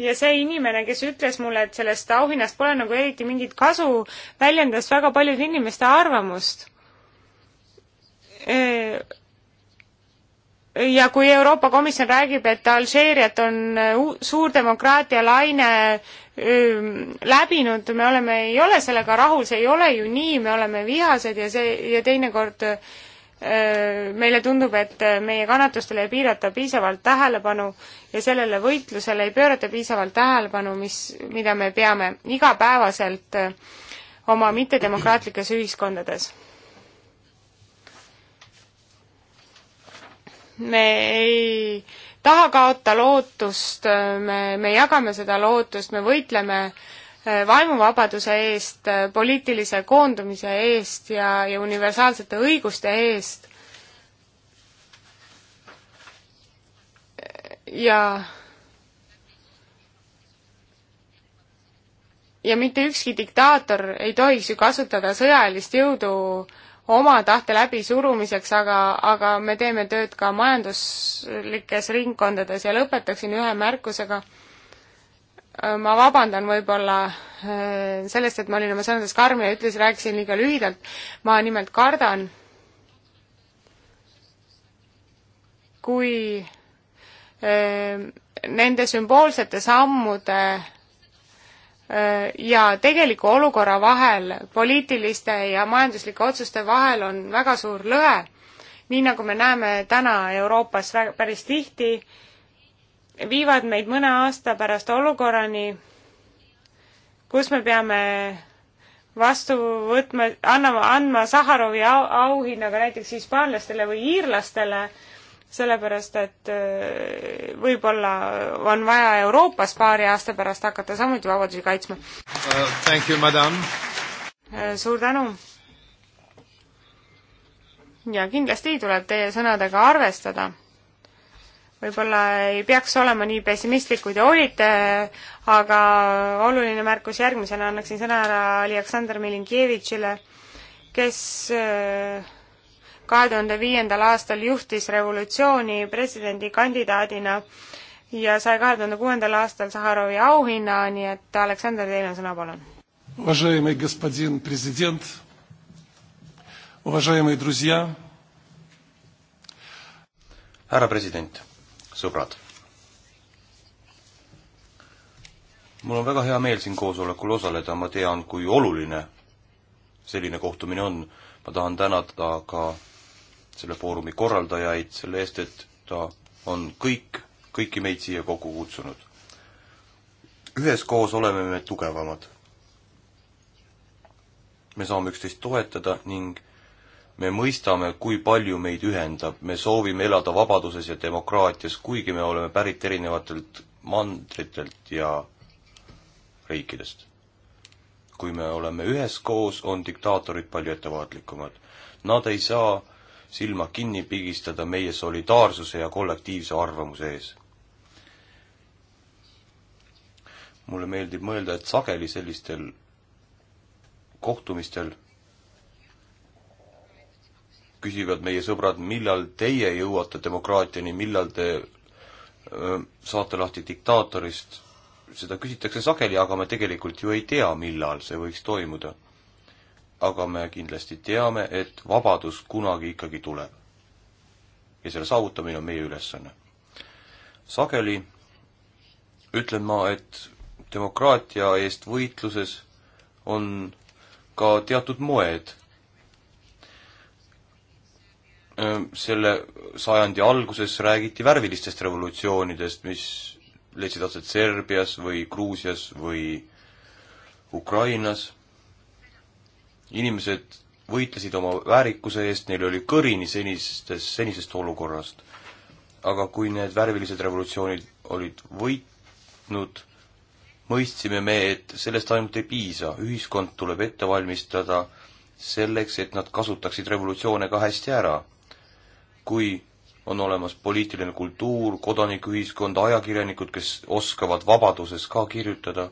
ja see inimene, kes ütles mulle, et sellest auhinnast pole nagu eriti mingit kasu, väljendas väga paljude inimeste arvamust äh, ja kui Euroopa Komisjon räägib, et Alžeeriat on äh, suur demokraatia laine ähm, läbinud, me oleme, ei ole sellega rahul, see ei ole ju nii, me oleme vihased ja see ja teinekord äh, meile tundub, et äh, meie kannatustele ei piirata piisavalt tähelepanu ja sellele võitlusele ei pöörata piisavalt tähelepanu, mis, mida me peame igapäevaselt oma mittedemokraatlikes ühiskondades me ei taha kaota lootust, me, me jagame seda lootust, me võitleme eh, vaimuvabaduse eest, eh, poliitilise koondumise eest ja, ja universaalsete õiguste eest. ja ja mitte ükski diktaator ei tohiks ju kasutada sõjalist jõudu äh, oma tahte läbisurumiseks, aga, aga me teeme tööd ka majanduslikes ringkondades ja lõpetaksin ühe märkusega. ma vabandan võib-olla äh, sellest, et ma olin oma sõnades karm ja ütles, rääkisin liiga lühidalt. ma nimelt kardan, kui äh, nende sümboolsete sammude ja tegeliku olukorra vahel, poliitiliste ja majanduslike otsuste vahel on väga suur lõhe, nii nagu me näeme täna Euroopas väga, päris tihti, viivad meid mõne aasta pärast olukorrani, kus me peame vastu võtma, annama, andma Saharovi au, auhinnaga näiteks hispaanlastele või iirlastele äh,, sellepärast et äh, võib-olla on vaja Euroopas paari aasta pärast hakata samuti vabadusi kaitsma uh,. Thank you, madam! Äh, suur tänu! ja kindlasti tuleb teie sõnadega arvestada. võib-olla ei peaks olema nii pessimistlik, kui te olite, aga oluline märkus järgmisena annaksin sõna ära Aleksandr Milinkjevitšile, kes äh, kahe tuhande viiendal aastal juhtis revolutsiooni presidendikandidaadina ja sai kahe tuhande kuuendal aastal Saharovi auhinna, nii et Aleksander, teil on sõna, palun. härra president, sõbrad. mul on väga hea meel siin koosolekul osaleda, ma tean, kui oluline selline kohtumine on. ma tahan tänada ka selle foorumi korraldajaid selle eest, et ta on kõik, kõiki meid siia kokku kutsunud. üheskoos oleme me tugevamad. me saame üksteist toetada ning me mõistame, kui palju meid ühendab, me soovime elada vabaduses ja demokraatias, kuigi me oleme pärit erinevatelt mandritelt ja riikidest. kui me oleme üheskoos, on diktaatorid palju ettevaatlikumad. Nad ei saa silma kinni pigistada meie solidaarsuse ja kollektiivse arvamuse ees. mulle meeldib mõelda, et sageli sellistel kohtumistel küsivad meie sõbrad, millal teie jõuate demokraatiani, millal te öö, saate lahti diktaatorist, seda küsitakse sageli, aga me tegelikult ju ei tea, millal see võiks toimuda aga me kindlasti teame, et vabadus kunagi ikkagi tuleb. ja selle saavutamine on meie ülesanne. sageli ütlen ma, et demokraatia eest võitluses on ka teatud moed. selle sajandi alguses räägiti värvilistest revolutsioonidest, mis leidsid aset Serbias või Gruusias või Ukrainas inimesed võitlesid oma väärikuse eest, neil oli kõrini senistest, senisest olukorrast. aga kui need värvilised revolutsioonid olid võitnud, mõistsime me, et sellest ainult ei piisa, ühiskond tuleb ette valmistada selleks, et nad kasutaksid revolutsioone ka hästi ära. kui on olemas poliitiline kultuur, kodanikuühiskond, ajakirjanikud, kes oskavad vabaduses ka kirjutada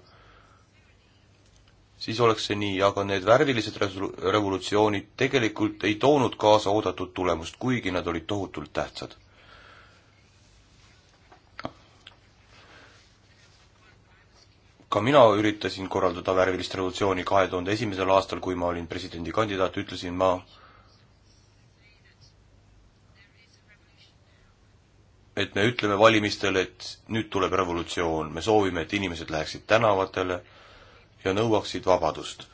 siis oleks see nii, aga need värvilised revolutsioonid tegelikult ei toonud kaasa oodatud tulemust, kuigi nad olid tohutult tähtsad. ka mina üritasin korraldada värvilist revolutsiooni kahe tuhande esimesel aastal, kui ma olin presidendikandidaat, ütlesin ma, et me ütleme valimistel, et nüüd tuleb revolutsioon, me soovime, et inimesed läheksid tänavatele ja nõuaksid vabadust.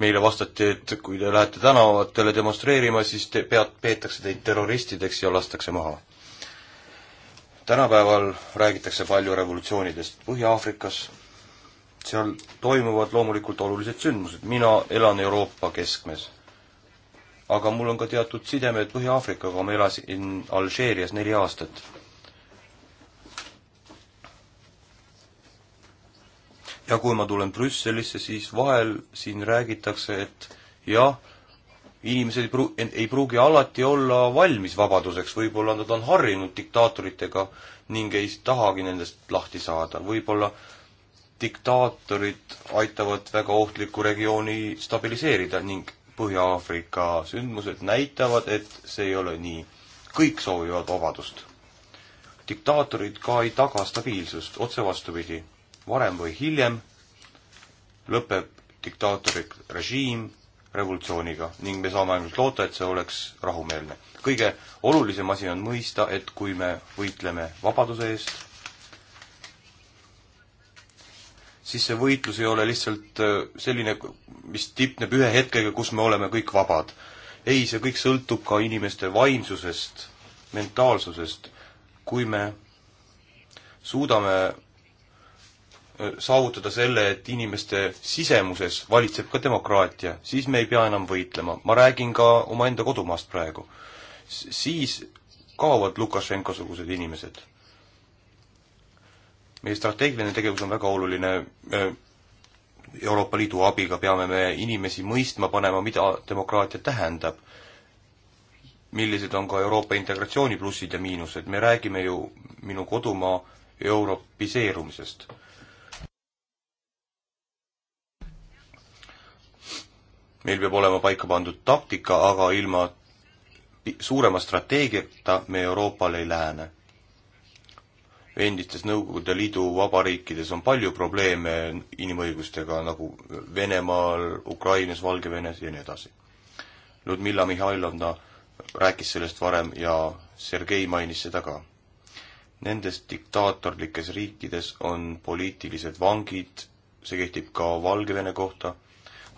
meile vastati, et kui te lähete tänavatele demonstreerima, siis te pead, peetakse teid terroristideks ja lastakse maha. tänapäeval räägitakse palju revolutsioonidest Põhja-Aafrikas, seal toimuvad loomulikult olulised sündmused, mina elan Euroopa keskmes. aga mul on ka teatud sidemed Põhja-Aafrikaga, ma elasin Alžeerias neli aastat ja kui ma tulen Brüsselisse, siis vahel siin räägitakse, et jah, inimesed ei pru-, ei pruugi alati olla valmis vabaduseks, võib-olla nad on harjunud diktaatoritega ning ei tahagi nendest lahti saada, võib-olla diktaatorid aitavad väga ohtliku regiooni stabiliseerida ning Põhja-Aafrika sündmused näitavad, et see ei ole nii. kõik soovivad vabadust. diktaatorid ka ei taga stabiilsust, otse vastupidi varem või hiljem lõpeb diktaatorik režiim revolutsiooniga ning me saame ainult loota, et see oleks rahumeelne. kõige olulisem asi on mõista, et kui me võitleme vabaduse eest, siis see võitlus ei ole lihtsalt äh, selline, mis tipneb ühe hetkega, kus me oleme kõik vabad. ei, see kõik sõltub ka inimeste vaimsusest, mentaalsusest. kui me suudame Äh, saavutada selle, et inimeste sisemuses valitseb ka demokraatia, siis me ei pea enam võitlema. ma räägin ka omaenda kodumaast praegu. siis kaovad Lukašenko-sugused inimesed. meie strateegiline tegevus on väga oluline. Äh, Euroopa Liidu abiga peame me inimesi mõistma panema, mida demokraatia tähendab. millised on ka Euroopa integratsiooni plussid ja miinused. me räägime ju minu kodumaa europiseerumisest meil peab olema paika pandud taktika, aga ilma suurema strateegiata me Euroopale ei lähene. endistes Nõukogude Liidu vabariikides on palju probleeme inimõigustega, nagu Venemaal, Ukrainas, Valgevenes ja nii edasi. Ludmilla Mihhailovna rääkis sellest varem ja Sergei mainis seda ka. Nendes diktaatorlikes riikides on poliitilised vangid, see kehtib ka Valgevene kohta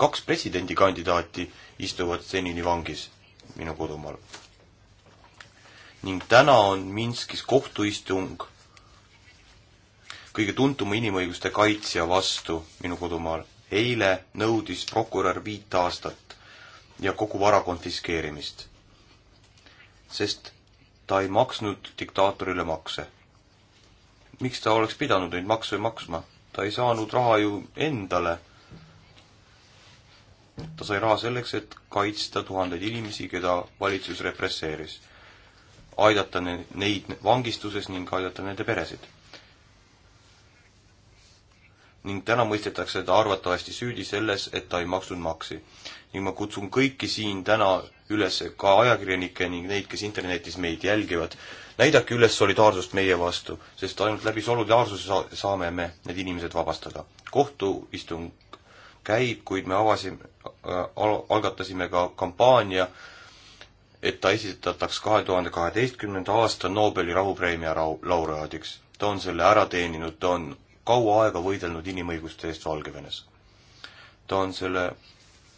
kaks presidendikandidaati istuvad senini vangis minu kodumaal. ning täna on Minskis kohtuistung kõige tuntuma inimõiguste kaitsja vastu minu kodumaal. eile nõudis prokurör viit aastat ja kogu vara konfiskeerimist, sest ta ei maksnud diktaatorile makse. miks ta oleks pidanud neid makse maksma? ta ei saanud raha ju endale ta sai raha selleks, et kaitsta tuhandeid inimesi, keda valitsus represseeris. aidata ne-, neid vangistuses ning aidata nende peresid. ning täna mõistetakse ta arvatavasti süüdi selles, et ta ei maksnud maksi. ning ma kutsun kõiki siin täna üles, ka ajakirjanikke ning neid, kes internetis meid jälgivad, näidake üles solidaarsust meie vavastu, sest ainult läbi solidaarsuse sa-, saame me need inimesed vabastada. kohtuistung käib, kuid me avasime äh, al,, algatasime ka kampaania, et ta esitataks kahe tuhande kaheteistkümnenda aasta Nobeli rahupreemia rau-, laureaadiks. ta on selle ära teeninud, ta on kaua aega võidelnud inimõiguste eest Valgevenes. ta on selle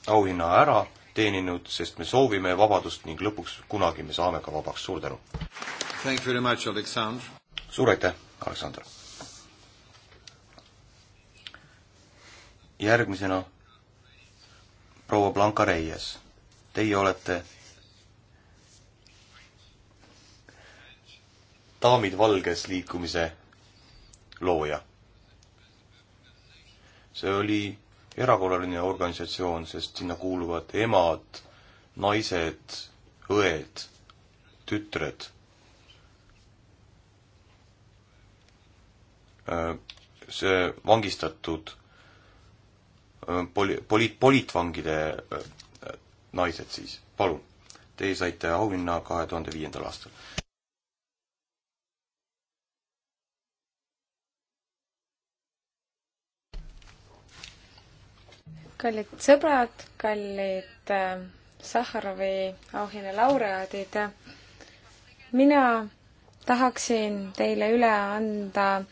auhinna ära teeninud, sest me soovime vabadust ning lõpuks kunagi me saame ka vabaks, suur tänu! suur aitäh, Aleksandr! järgmisena proua Blanca Reies, teie olete daamid valges liikumise looja. see oli erakorraline organisatsioon, sest sinna kuuluvad emad, naised, õed, tütred. Äh, see vangistatud poli-, poliit-, poliitvangide naised siis, palun. Teie saite auhinna kahe tuhande viiendal aastal. kallid sõbrad, kallid Sahharovi auhinna laureaadid, mina tahaksin teile üle anda äh,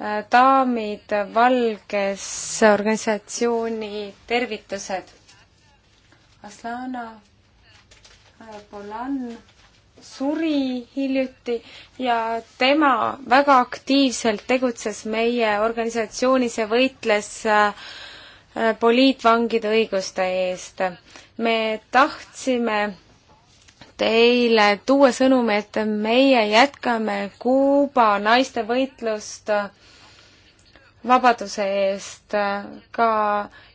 daamid Valges organisatsiooni tervitused. Aslana äh, Polan suri hiljuti ja tema väga aktiivselt tegutses meie organisatsioonis ja võitles äh, poliitvangide õiguste eest. me tahtsime teile tuua sõnumi, et meie jätkame Kuuba naiste võitlust vabaduse eest. ka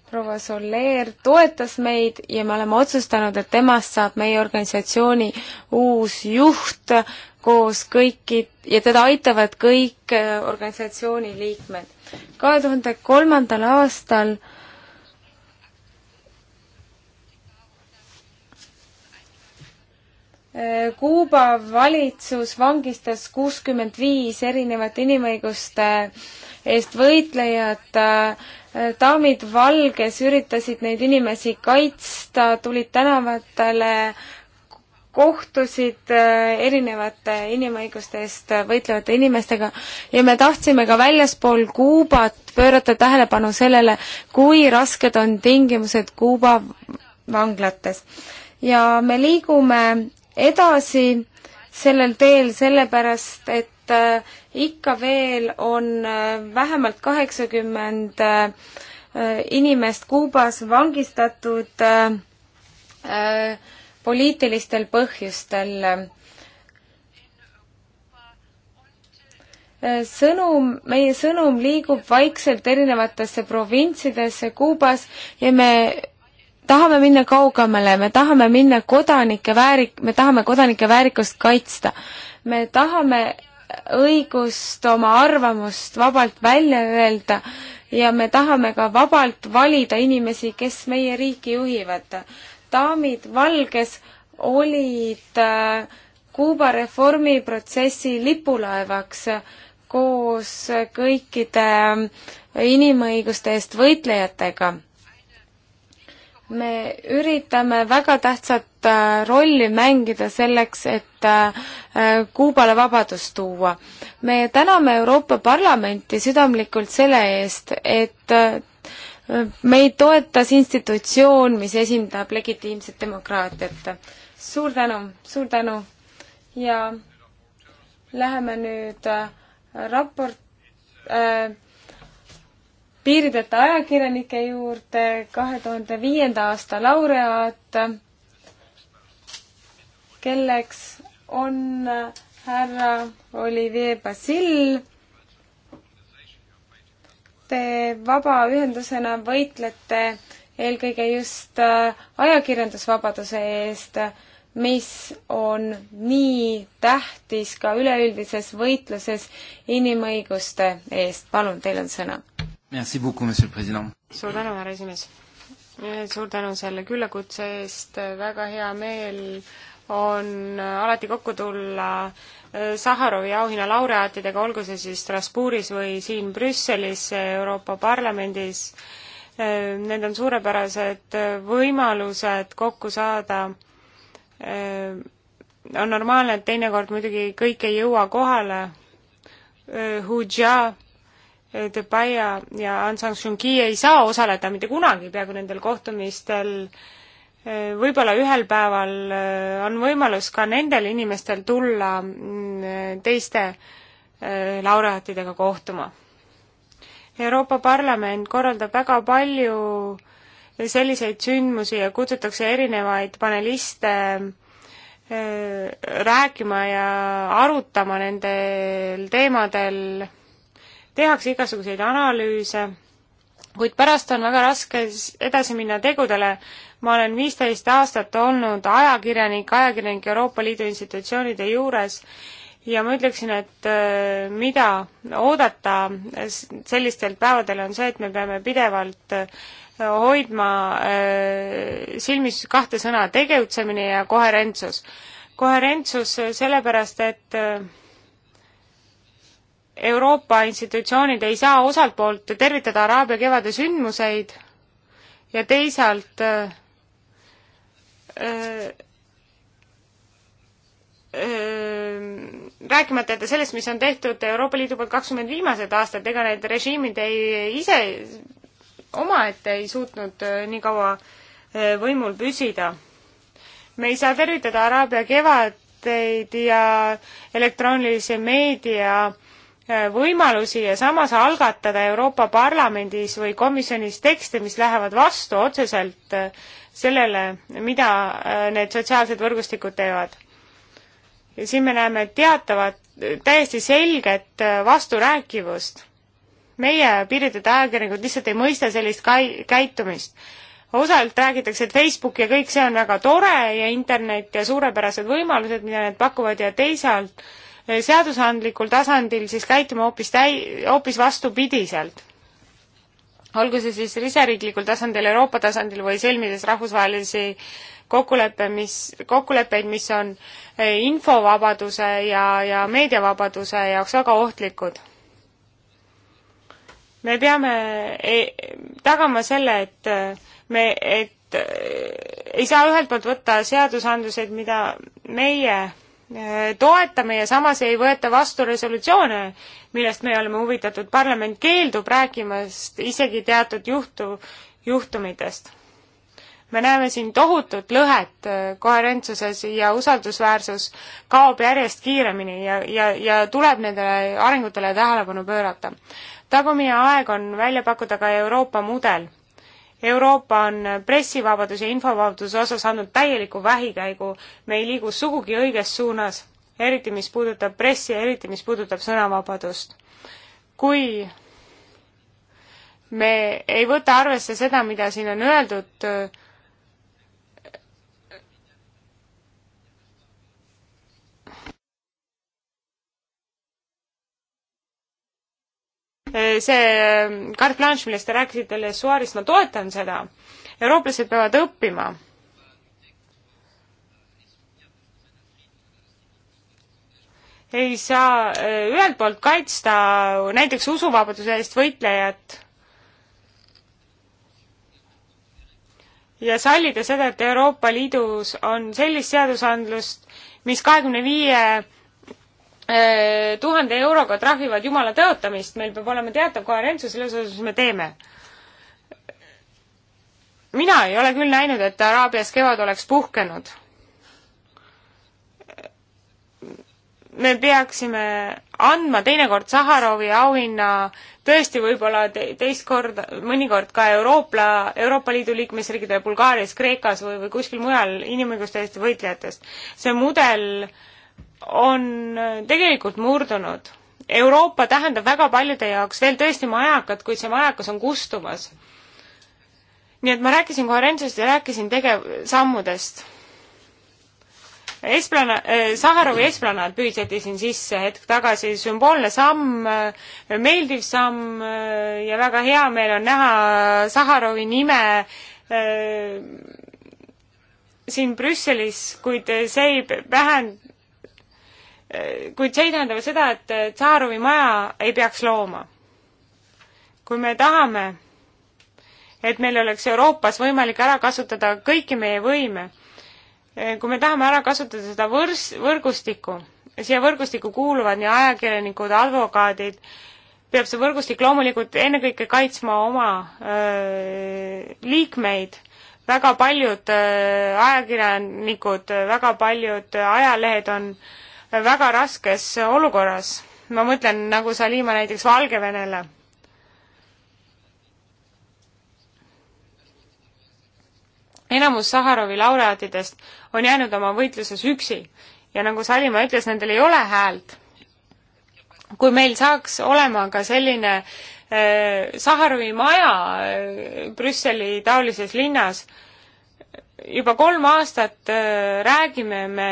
proua Soler toetas meid ja me oleme otsustanud, et temast saab meie organisatsiooni uus juht koos kõiki ja teda aitavad kõik organisatsiooni liikmed. kahe tuhande kolmandal aastal Kuuba valitsus vangistas kuuskümmend viis erinevat inimõiguste eest võitlejat. daamid valges üritasid neid inimesi kaitsta, tulid tänavatele, kohtusid äh, erinevate inimõiguste eest võitlevate inimestega ja me tahtsime ka väljaspool Kuubat pöörata tähelepanu sellele, kui rasked on tingimused Kuuba vanglates. ja me liigume edasi sellel teel, sellepärast et äh, ikka veel on äh, vähemalt kaheksakümmend äh, inimest Kuubas vangistatud poliitilistel põhjustel. sõnum, meie sõnum liigub vaikselt erinevatesse provintsidesse Kuubas ja me tahame minna kaugemale, me tahame minna kodanike väärik-, me tahame kodanike väärikust kaitsta. me tahame õigust oma arvamust vabalt välja öelda ja me tahame ka vabalt valida inimesi, kes meie riiki juhivad. daamid Valges olid äh, Kuuba reformiprotsessi lipulaevaks koos kõikide äh, inimõiguste eest võitlejatega me üritame väga tähtsat äh, rolli mängida selleks, et äh, Kuubale vabadust tuua. me täname Euroopa Parlamenti südamlikult selle eest, et äh, meid toetas institutsioon, mis esindab legitiimset demokraatiat. suur tänu, suur tänu ja läheme nüüd raport äh, piirideta ajakirjanike juurde, kahe tuhande viienda aasta laureaat, kelleks on härra Olivier Basil. Te vabaühendusena võitlete eelkõige just äh, ajakirjandusvabaduse eest, mis on nii tähtis ka üleüldises võitluses inimõiguste eest. palun, teil on sõna suur tänu, härra esimees! Eh, suur tänu selle küllakutse eest, eh, väga hea meel on eh, alati kokku tulla Saharovi auhinna laureaatidega, olgu see siis Strasbourgis või siin Brüsselis, Euroopa Parlamendis. Need on suurepärased võimalused kokku saada. on normaalne, et teinekord muidugi kõik ei jõua kohale. Hujaa Dubaia ja Aung San Suu Kyi ei saa osaleda mitte kunagi peaaegu nendel kohtumistel. võib-olla ühel päeval äh, on võimalus ka nendel inimestel tulla mm, teiste äh, laureaatidega kohtuma. Euroopa Parlament korraldab väga palju selliseid sündmusi ja kutsutakse erinevaid paneliste äh, rääkima ja arutama nendel teemadel tehakse igasuguseid analüüse, kuid pärast on väga raske edasi minna tegudele. ma olen viisteist aastat olnud ajakirjanik, ajakirjanik Euroopa Liidu institutsioonide juures ja ma ütleksin, et äh, mida oodata sellistel päevadel on see, et me peame pidevalt äh, hoidma äh, silmis kahte sõna, tegutsemine ja koherentsus. koherentsus sellepärast, et Euroopa institutsioonid ei saa osalt poolt tervitada Araabia kevade sündmuseid ja teisalt öö, äh, öö, äh, äh, rääkimata sellest, mis on tehtud Euroopa Liidu poolt kakskümmend viimased aastad, ega need režiimid ei ise omaette ei suutnud nii kaua võimul püsida. me ei saa tervitada Araabia kevadeid ja elektroonilise meedia Äh, võimalusi ja samas algatada Euroopa Parlamendis või komisjonis tekste, mis lähevad vastu otseselt äh, sellele, mida äh, need sotsiaalsed võrgustikud teevad. ja siin me näeme teatavat, täiesti selget vasturääkivust. meie piiritud ajakirjanikud lihtsalt ei mõista sellist kai-, käitumist. osalt räägitakse, et Facebook ja kõik see on väga tore ja internet ja suurepärased võimalused, mida need pakuvad ja teisalt äh, Eh, seadusandlikul tasandil siis käituma hoopis täi-, hoopis vastupidiselt. olgu see siis siseriiklikul tasandil, Euroopa tasandil või sõlmides rahvusvahelisi kokkuleppe, mis, kokkuleppeid, mis on eh, infovabaduse ja, ja meediavabaduse jaoks väga ohtlikud. me peame e, tagama selle, et eh, me, et ei saa ühelt poolt võtta seadusandluseid, mida meie toetame ja samas ei võeta vastu resolutsioone, millest me oleme huvitatud. parlament keeldub rääkimast isegi teatud juhtu, juhtumitest. me näeme siin tohutut lõhet äh, koherentsuses ja usaldusväärsus kaob järjest kiiremini ja, ja, ja tuleb nendele arengutele tähelepanu pöörata. tagumine aeg on välja pakkuda ka Euroopa mudel Euroopa on pressivabaduse ja infovabaduse osas andnud täieliku vähikäigu, me ei liigu sugugi õiges suunas, eriti mis puudutab pressi ja eriti mis puudutab sõnavabadust. kui me ei võta arvesse seda, mida siin on öeldud, Eh, see eh, carte blanche, millest te rääkisite, Les Suarist, ma toetan seda. eurooplased peavad õppima. ei saa eh, ühelt poolt kaitsta näiteks usuvabaduse eest võitlejat ja sallida seda, et Euroopa Liidus on sellist seadusandlust, mis kahekümne viie Äh, tuhande euroga trahvivad jumala tõotamist, meil peab olema teatav koherentsus selles osas, mis me teeme. mina ei ole küll näinud, et Araabias kevad oleks puhkenud. me peaksime andma teinekord Saharovi auhinna tõesti võib-olla te teist korda, mõnikord ka Euroopa, Euroopa Liidu liikmesriikide Bulgaarias, Kreekas või, või kuskil mujal inimõiguste eest võitlejatest. see mudel äh, on tegelikult murdunud. Euroopa tähendab väga paljude jaoks veel tõesti majakat, kuid see majakas on kustumas. nii et ma rääkisin koherentsusest ja rääkisin tegev-, sammudest. Esplana-, äh, Saharovi esplanaad püüdseti siin sisse hetk tagasi, sümboolne samm, äh, meeldiv samm äh, ja väga hea meel on näha Saharovi nime siin Brüsselis, kuid see ei vähend-, kuid see ei tähenda ju seda, et Tsarovi maja ei peaks looma. kui me tahame, et meil oleks Euroopas võimalik ära kasutada kõiki meie võime, kui me tahame ära kasutada seda võrs-, võrgustikku, siia võrgustikku kuuluvad nii ajakirjanikud, advokaadid, peab see võrgustik loomulikult ennekõike kaitsma oma öö, liikmeid väga paljud ajakirjanikud, väga paljud ajalehed on väga raskes olukorras. ma mõtlen nagu Salima näiteks Valgevenele. enamus Saharovi laureaatidest on jäänud oma võitluses üksi ja nagu Salima ütles, nendel ei ole häält. kui meil saaks olema ka selline eh, Saharovi maja eh, Brüsseli taolises linnas, juba kolm aastat äh, räägime me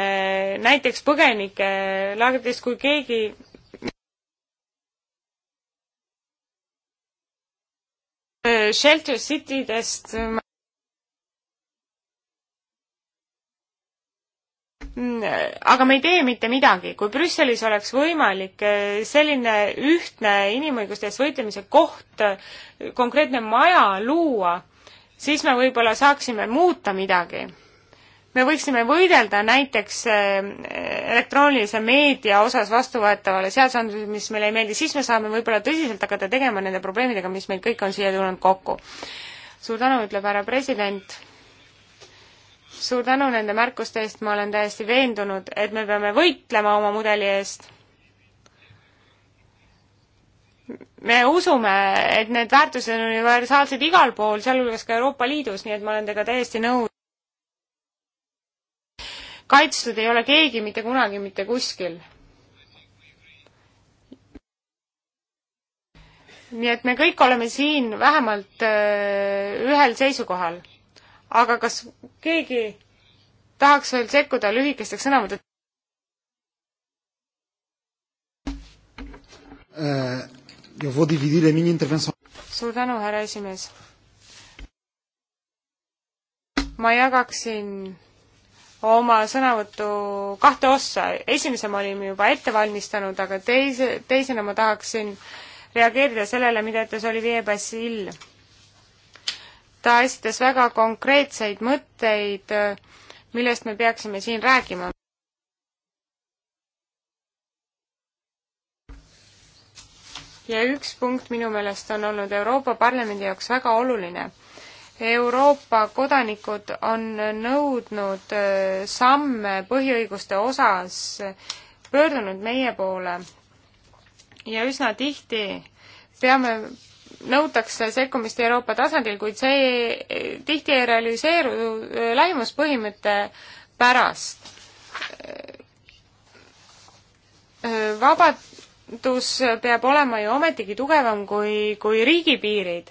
näiteks põgenikelaagritest, kui keegi Shelter City dest aga me ei tee mitte midagi. kui Brüsselis oleks võimalik äh, selline ühtne inimõiguste eest võitlemise koht, äh, konkreetne maja luua, siis me võib-olla saaksime muuta midagi. me võiksime võidelda näiteks eh, elektroonilise meedia osas vastuvõetavale seadusandlusele, mis meile ei meeldi, siis me saame võib-olla tõsiselt hakata tegema nende probleemidega, mis meil kõik on siia tulnud kokku. suur tänu, ütleb härra president. suur tänu nende märkuste eest, ma olen täiesti veendunud, et me peame võitlema oma mudeli eest me usume, et need väärtused on universaalsed igal pool, sealhulgas ka Euroopa Liidus, nii et ma olen teiega täiesti nõus. kaitstud ei ole keegi mitte kunagi mitte kuskil. nii et me kõik oleme siin vähemalt äh, ühel seisukohal. aga kas keegi tahaks veel sekkuda lühikesteks sõnavõttudeks? Äh, suur tänu, härra esimees. ma jagaksin oma sõnavõttu kahte ossa. esimese me olime juba ette valmistanud, aga teise, teisena ma tahaksin reageerida sellele, mida ütles Olivier Bassil. ta esitas väga konkreetseid mõtteid, millest me peaksime siin rääkima. ja üks punkt minu meelest on olnud Euroopa Parlamendi jaoks väga oluline. Euroopa kodanikud on nõudnud äh, samme põhiõiguste osas, pöördunud meie poole ja üsna tihti peame nõutakse sekkumist Euroopa tasandil, kuid see äh, tihti ei realiseeru äh, lähimuspõhimõtte pärast. vabad majandus peab olema ju ometigi tugevam kui, kui riigipiirid.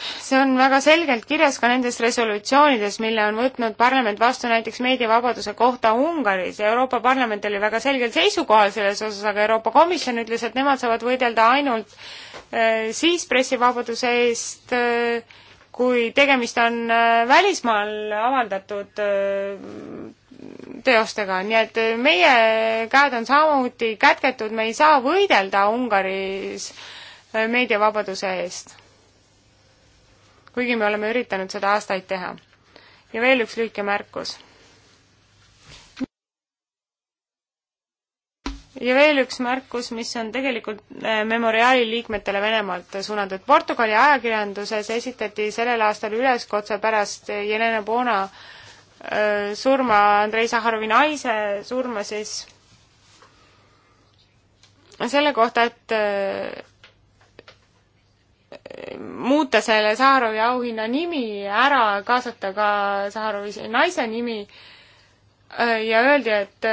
see on väga selgelt kirjas ka nendes resolutsioonides, mille on võtnud parlament vastu näiteks meediavabaduse kohta Ungaris. Euroopa Parlament oli väga selgel seisukohal selles osas, aga Euroopa Komisjon ütles, et nemad saavad võidelda ainult äh, siis pressivabaduse eest äh, kui tegemist on äh, välismaal avaldatud äh, teostega, nii et meie käed on samuti kätketud, me ei saa võidelda Ungaris äh, meediavabaduse eest. kuigi me oleme üritanud seda aastaid teha. ja veel üks lühike märkus. ja veel üks märkus, mis on tegelikult äh, Memoriali liikmetele Venemaalt suunatud. Portugali ajakirjanduses esitati sellel aastal üleskutse pärast Jelena Bona Äh, surma, Andrei Sahharovi naise surma siis, selle kohta, et äh, muuta selle Sahharovi auhinna nimi ära, kaasata ka Sahharovi naise nimi äh, ja öeldi, et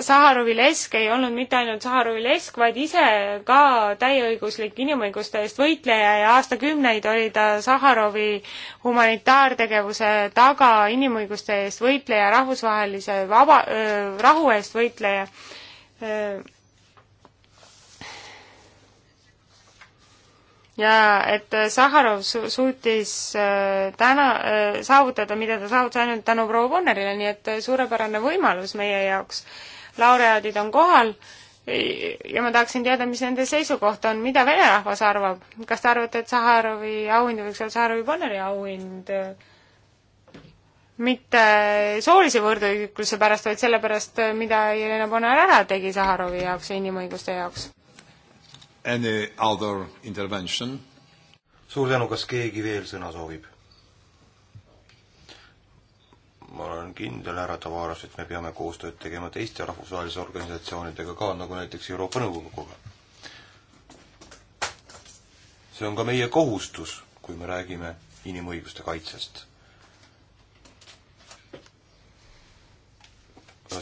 Saharovi lesk ei olnud mitte ainult Saharovi lesk, vaid ise ka täieõiguslik inimõiguste eest võitleja ja aastakümneid oli ta Saharovi humanitaartegevuse taga inimõiguste eest võitleja, rahvusvahelise vaba äh,, rahu eest võitleja äh,. ja et Saharov su-, suutis äh, täna saavutada, mida ta saavutas ainult tänu proua Bonnerile, nii et suurepärane võimalus meie jaoks laureaadid on kohal ja ma tahaksin teada, mis nende seisukoht on, mida vene rahvas arvab, kas te arvate, et Saharovi auhind võiks olla Saharovi Bonneri auhind? mitte soolise võrdõiguse pärast, vaid sellepärast, mida Jelena Bonner ära tegi Saharovi jaoks ja inimõiguste jaoks. Any other intervention? suur tänu, kas keegi veel sõna soovib? ma olen kindel, härra Tavares, et me peame koostööd tegema teiste rahvusvahelise organisatsioonidega ka, nagu näiteks Euroopa Nõukoguga. see on ka meie kohustus, kui me räägime inimõiguste kaitsest.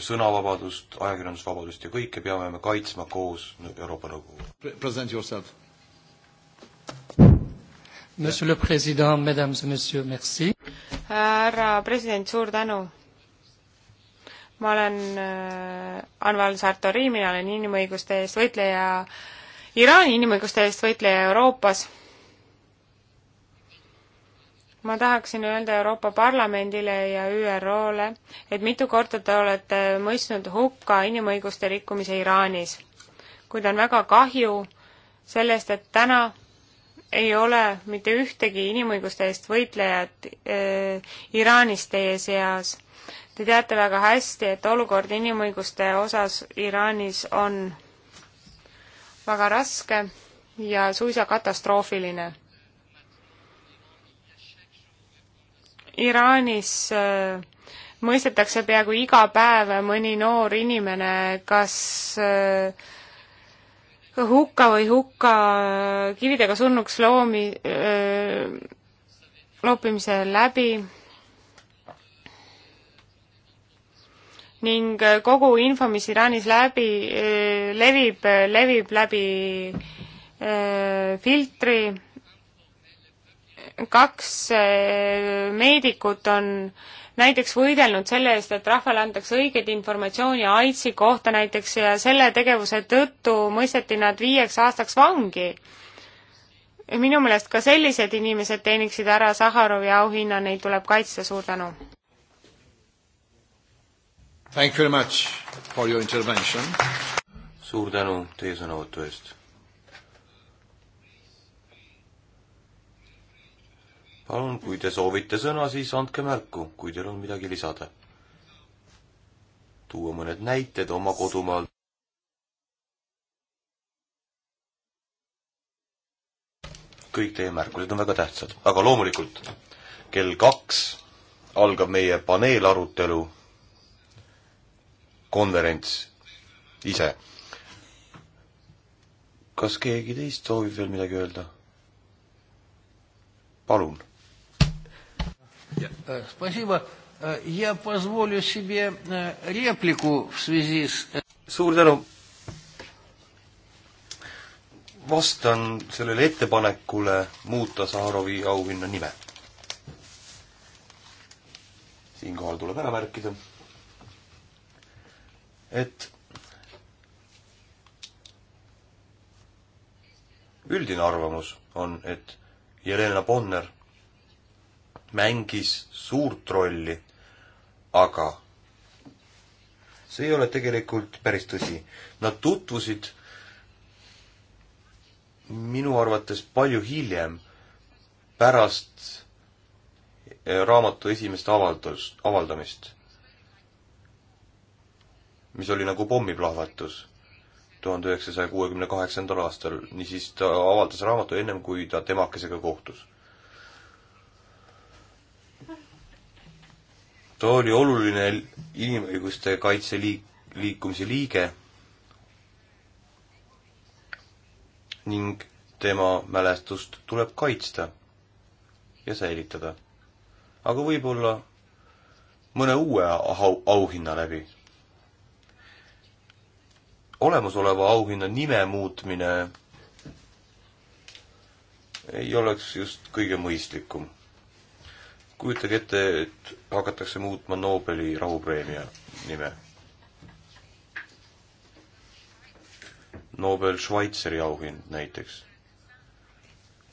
sõnavabadust, ajakirjandusvabadust ja kõike peame me kaitsma koos Euroopa Nõukoguga. Present yourself Monsieur le Président, Mesdames et Messieurs, merci. härra president, suur tänu. ma olen äh, Anval Sartori, mina olen inimõiguste eest võitleja, Iraani inimõiguste eest võitleja Euroopas. ma tahaksin öelda Euroopa Parlamendile ja ÜRO-le, et mitu korda te olete mõistnud hukka inimõiguste rikkumise Iraanis, kuid on väga kahju sellest, et täna ei ole mitte ühtegi inimõiguste eest võitlejat äh, Iraanis teie seas. Te teate väga hästi, et olukord inimõiguste osas Iraanis on väga raske ja suisa katastroofiline. Iraanis äh, mõistetakse peaaegu iga päev mõni noor inimene kas äh, hukka või hukka äh, kividega surnuks loomi, äh, loopimise läbi ning äh, kogu info, mis Iraanis läbi, levib, levib läbi filtri kaks meedikut on näiteks võidelnud selle eest, et rahvale antakse õiget informatsiooni AIDSi kohta näiteks ja selle tegevuse tõttu mõisteti nad viieks aastaks vangi. minu meelest ka sellised inimesed teeniksid ära Sahharovi auhinna, neid tuleb kaitsta, suur tänu! suur tänu teie sõnavõtu eest palun, kui te soovite sõna, siis andke märku, kui teil on midagi lisada. tuua mõned näited oma kodumaal. kõik teie märkused on väga tähtsad, aga loomulikult kell kaks algab meie paneelarutelu, konverents ise. kas keegi teist soovib veel midagi öelda? palun Э, спасибо. Э, я позволю себе э, реплику в связи с... Suur tänu. Vastan sellele ettepanekule muuta Saharovi auhinna nime. Siinkohal tuleb ära märkida, et üldine arvamus on, et Jelena Bonner mängis suurt rolli, aga see ei ole tegelikult päris tõsi. Nad tutvusid minu arvates palju hiljem, pärast eh, raamatu esimest avaldust, avaldamist, mis oli nagu pommiplahvatus tuhande üheksasaja kuuekümne kaheksandal aastal, niisiis ta avaldas raamatu ennem, kui ta temakesega kohtus ta oli oluline inimõiguste kaitse liik-, liikumise liige ning tema mälestust tuleb kaitsta ja säilitada. aga võib-olla mõne uue au-, auhinna läbi. olemasoleva auhinna nime muutmine ei oleks just kõige mõistlikum kujutage ette, et hakatakse muutma Nobeli rahupreemia nime. Nobel Schweizeri auhind näiteks.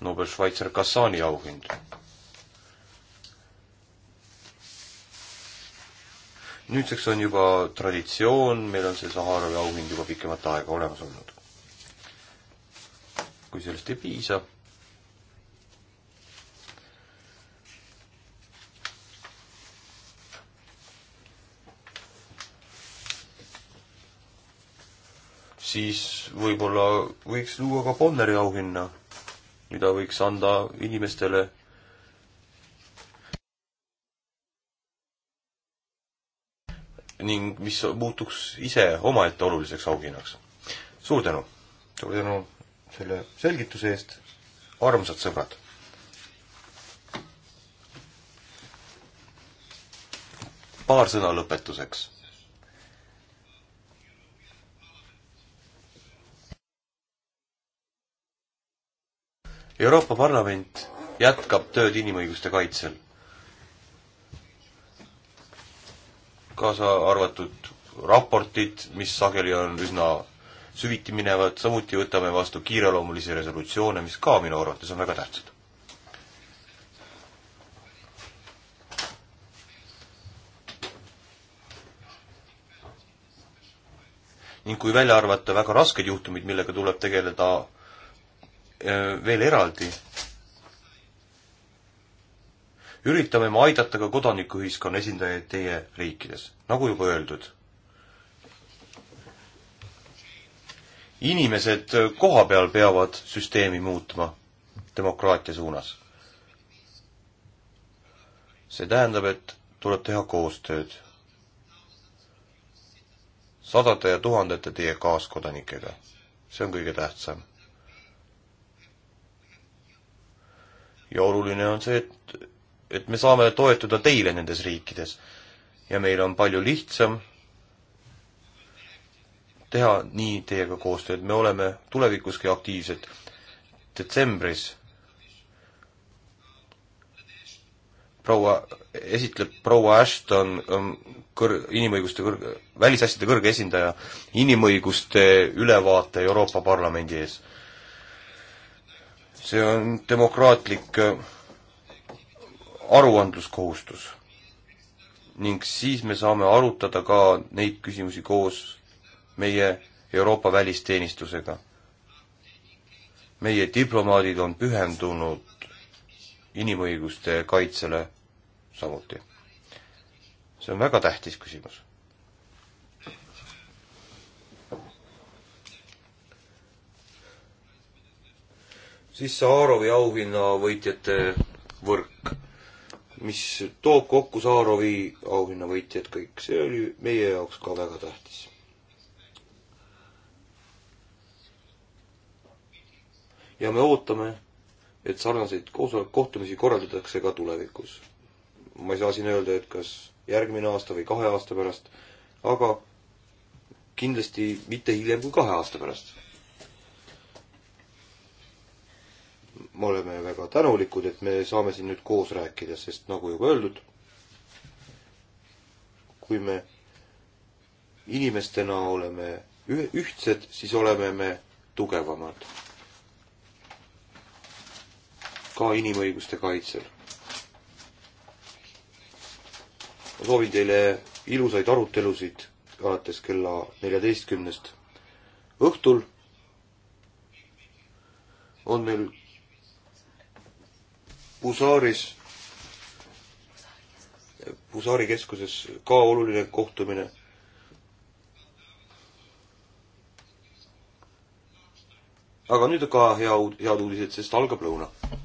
Nobel Schweizer Kassani auhind. nüüdseks on juba traditsioon, meil on see Saharovi auhind juba pikemat aega olemas olnud. kui sellest ei piisa siis võib-olla võiks luua ka Bonneri auhinna, mida võiks anda inimestele, ning mis muutuks ise omaette oluliseks auhinnaks. suur tänu! suur tänu selle selgituse eest, armsad sõbrad! paar sõna lõpetuseks Euroopa Parlament jätkab tööd inimõiguste kaitsel. kaasa arvatud raportid, mis sageli on üsna süviti minevad, samuti võtame vastu kiireloomulisi resolutsioone, mis ka minu arvates on väga tähtsad. ning kui välja arvata väga rasked juhtumid, millega tuleb tegeleda Äh, veel eraldi üritame me aidata ka kodanikuühiskonna esindajaid teie riikides, nagu juba öeldud. inimesed kohapeal peavad süsteemi muutma demokraatia suunas. see tähendab, et tuleb teha koostööd sadade ja tuhandete teie kaaskodanikega. see on kõige tähtsam ja oluline on see, et, et me saame toetuda teile nendes riikides. ja meil on palju lihtsam teha nii teiega koostööd, me oleme tulevikuski aktiivsed. detsembris proua, esitleb proua Ashton um, kõr-, inimõiguste kõrg-, välisasjade kõrge esindaja inimõiguste ülevaate Euroopa Parlamendi ees see on demokraatlik äh, aruandluskohustus. ning siis me saame arutada ka neid küsimusi koos meie Euroopa välisteenistusega. meie diplomaadid on pühendunud inimõiguste kaitsele samuti. see on väga tähtis küsimus siis Saarovi auhinnavõitjate võrk, mis toob kokku Saarovi auhinnavõitjad kõik, see oli meie jaoks ka väga tähtis. ja me ootame, et sarnaseid koosolek-, kohtumisi korraldatakse ka tulevikus. ma ei saa siin öelda, et kas järgmine aasta või kahe aasta pärast, aga kindlasti mitte hiljem kui kahe aasta pärast me oleme väga tänulikud, et me saame siin nüüd koos rääkida, sest nagu juba öeldud, kui me inimestena oleme ühtsed, siis oleme me tugevamad. ka inimõiguste kaitsel. ma soovin teile ilusaid arutelusid alates kella neljateistkümnest õhtul on meil Pusaaris, Pusaari keskuses ka oluline kohtumine. aga nüüd ka hea, head uudised, sest algab lõuna.